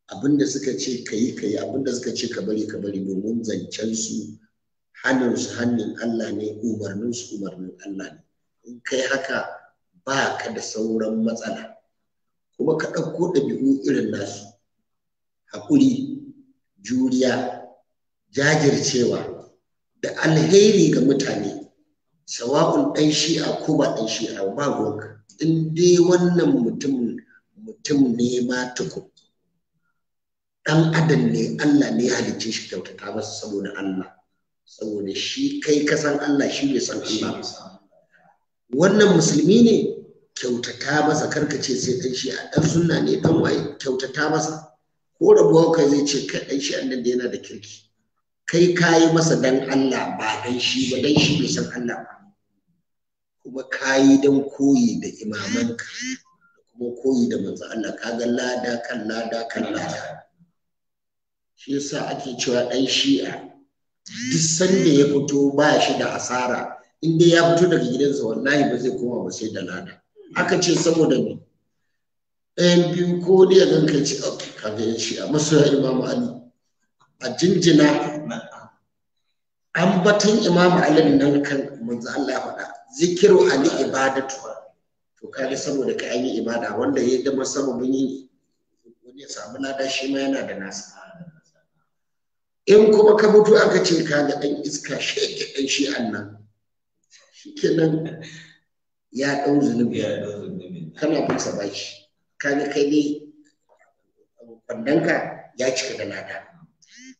abin da suka ce ka yi ka yi abin da suka ce ka bari ka bari domin zancen su hannun su hannun Allah ne umarnin su umarnin Allah ne in kai haka ba ka da sauran matsala kuma ka ɗauko ɗabi'u irin nasu haƙuri juriya jajircewa da alheri ga mutane sawa'un ɗan shi'a ko ba ɗan shi'a ba in dai wannan mutum mutum ne ma tukun ɗan adam ne Allah ne ya halicce shi kyautata masa saboda Allah saboda shi kai kasan Allah shi ne san Allah wannan musulmi ne kyautata masa karkace sai ɗan shi'a a ɗan sunna ne ɗan waye kyautata masa ko rabuwa kai zai ce kai ɗan shi nan da yana da kirki kai kayi masa dan Allah ba dan shi ba dan shi bai san Allah ba kuma kayi dan koyi da imamanka kuma koyi da manzo Allah ga lada kan lada kan lada shi yasa ake cewa dan shi'a duk sanda ya fito ba shi da asara in dai ya fito daga gidansa wallahi ba zai koma ba sai da lada aka ce saboda ni ɗayan biyu ko dai ya ganka ce kaga yan shi'a masoya imamu ali a jinjina an batun imam ali nan kan manzo Allah ya faɗa zikiru ali ibadatu to kaga saboda ka an yi ibada wanda ya dama sababin yin wani ya samu lada shi ma yana da nasa in kuma ka mutu aka ce ka ga ɗan iska ke ɗan shi annan shikenan ya ɗau zunubi kana fusa sa bashi kai ne kwandanka ya cika da lada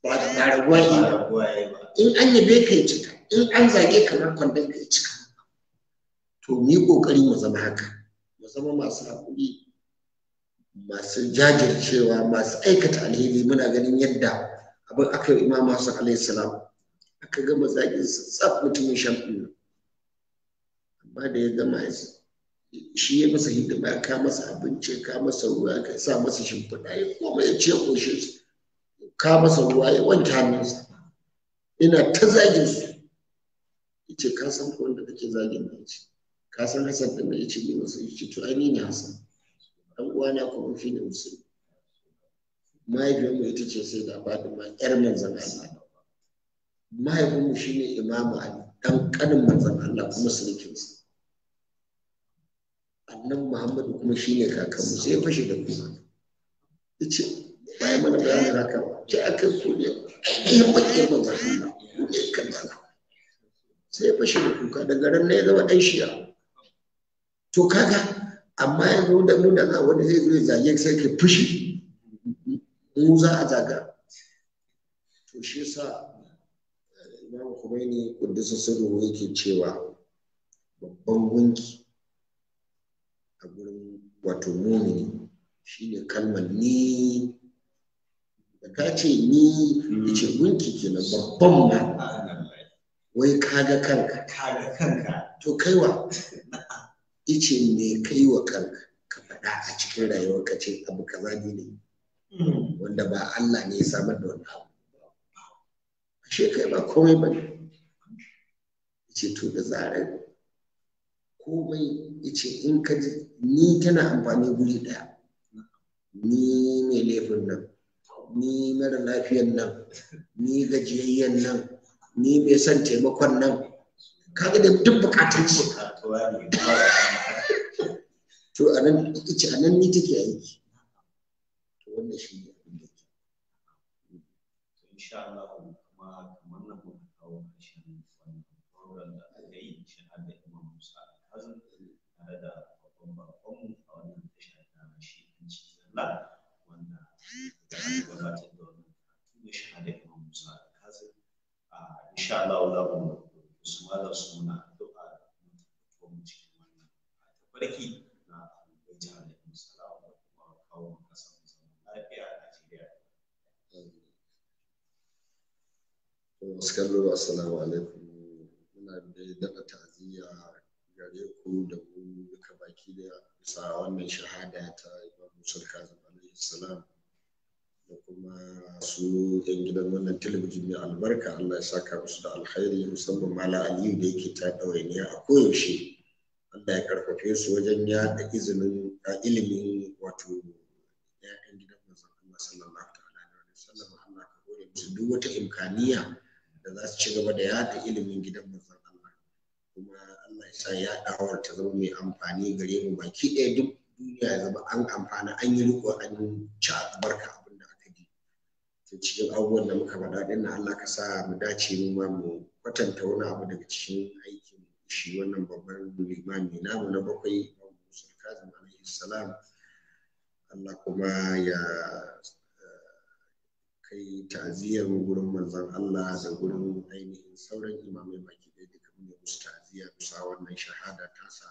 ba raguwa yi ba in an yabe ka yi cika in an zage kamar kwandon ka yi cika to mu yi kokari mu zama haka mu zama masu haƙuri masu jajircewa masu aikata alheri muna ganin yadda abin aka yi imam Hassan alaihi salam aka gama zagin sa tsaf mutumin shan nan amma da ya gama shi ya masa hidima ya ka masa abinci ka masa ruwa ka sa masa shimfiɗa ya koma ya ce ƙoshin ka masa ruwa ya wanke hannunsa ina ta zagin su ce ka san ko wanda kake zagin nan ce ka san Hassan da nan yace ni masa ce to ai ni ne Hassan dan uwana ko mafi ne musulmi mahaifinmu ita ce sai da ba da ma yar manzan Allah mahaifinmu shine Imam Ali dan kanin manzan Allah kuma sulkinsa annan Muhammadu kuma shine kakanmu sai ya fashe da kuma Ice. ya yi mana bayanin haka ce a kan su ne ainihin makiyar manzan Allah su ne sai ya shi da kuka da garin na ya zama ɗan shiya to kaga amma yanzu da mu da wani zai zo ya zage sai ka fushi mu za a zaga to shi sa eh, Imam Khomeini kuddisa sirru yake cewa babban gunki a gurin wato mumini shine kalmar ni ka ce ni mm. ce gunki na babban ma wai kaga kanka kaga kanka to kaiwa *laughs* ce me kaiwa kanka ka faɗa a cikin rayuwar ka ce abu kaza ni ne mm. wanda ba Allah ne ya samar da wani abu ashe kai ba komai ba ne ce to da zarar komai ce in ka ji ni tana amfani guri ɗaya ni mai laifin nan ni mara lafiyan nan ni gajiyayyen nan ni mai son taimakon nan kaga da duk bukatun su to a nan ni take aiki to wannan shi ne ke insha Allah gabatar ya shahada musa alkazim insha Allah za su addu'a da mu cikin wannan tafarki na abubuwan da musa da kuma kawo lafiya a Najeriya. Masu assalamu alaikum muna da daga ta'aziyya gare ku da ku duka baki da bisa wannan shahada ta Imam Musa Kazim alaihi salam. da kuma su yan gidan wannan talabijin mai albarka Allah ya saka musu da alkhairi musamman mala aliyu da yake ta ɗawainiya a koyaushe Allah ya karfafe su wajen yaɗa izinin ilimin wato ya'yan gidan manzon Allah sallallahu ta'ala wa Sallam Allah ka gode musu duk wata imkaniya da za su ci gaba da yaɗa ilimin gidan manzon Allah kuma Allah ya sa yaɗawar ta zama mai amfani gare mu baki ɗaya duk duniya ya zama an amfana an yi riko an ci barka cikin abubuwan da muka faɗa din na Allah ka sa mu dace mu ma mu kwatanta wani abu daga cikin aikin shi wannan babban limami mu na bakwai Musul Kazim alaihi salam Allah kuma ya eh, kai ta'aziyar mu gurin manzon Allah da gurin ainihin sauran imamai baki ɗaya duka mu ne musu ta'aziyya bisa wannan shahada tasa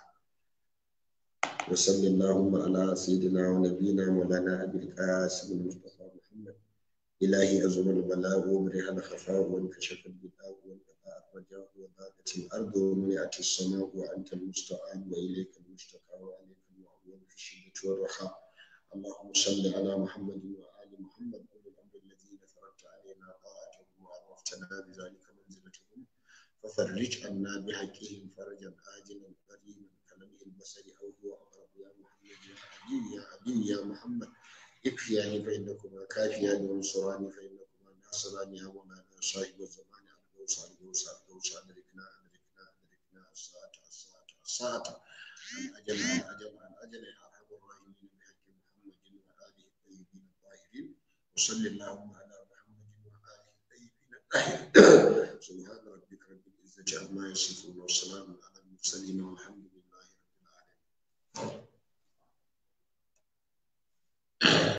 nabina, اللهم على سيدنا ونبينا مولانا ابي القاسم mustafa muhammad إلهي أزم البلاء ومرها الخفاء وانكشف البلاء والبلاء الرجاء وضاقت الأرض وملئت السماء وأنت المستعان وإليك المشتكى وعليك المعول في الشدة والرخاء اللهم صل على محمد وآل محمد أولي الأمر الذين فرضت علينا طاعتهم وعرفتنا بذلك منزلتهم ففرج عنا بحقهم فرجا آجلا قريبا كلمه البصر أو هو أقرب يا محمد يا علي يا علي يا محمد kifiya ne fa inda kuma kafiya ne wani tsoro ne fa kuma na sana ne hagu na na sahi ba zama ne a gausa a gausa a gausa a dirikina a dirikina a dirikina a sata sata sata a na ɗari ya na ɓahirin na hagun ma'ana muhammadin na ɗari na ɗahirin sun haɗa rabbi karbi izzaci amma ya sifu na salamu ala musalli ɗari na ɗari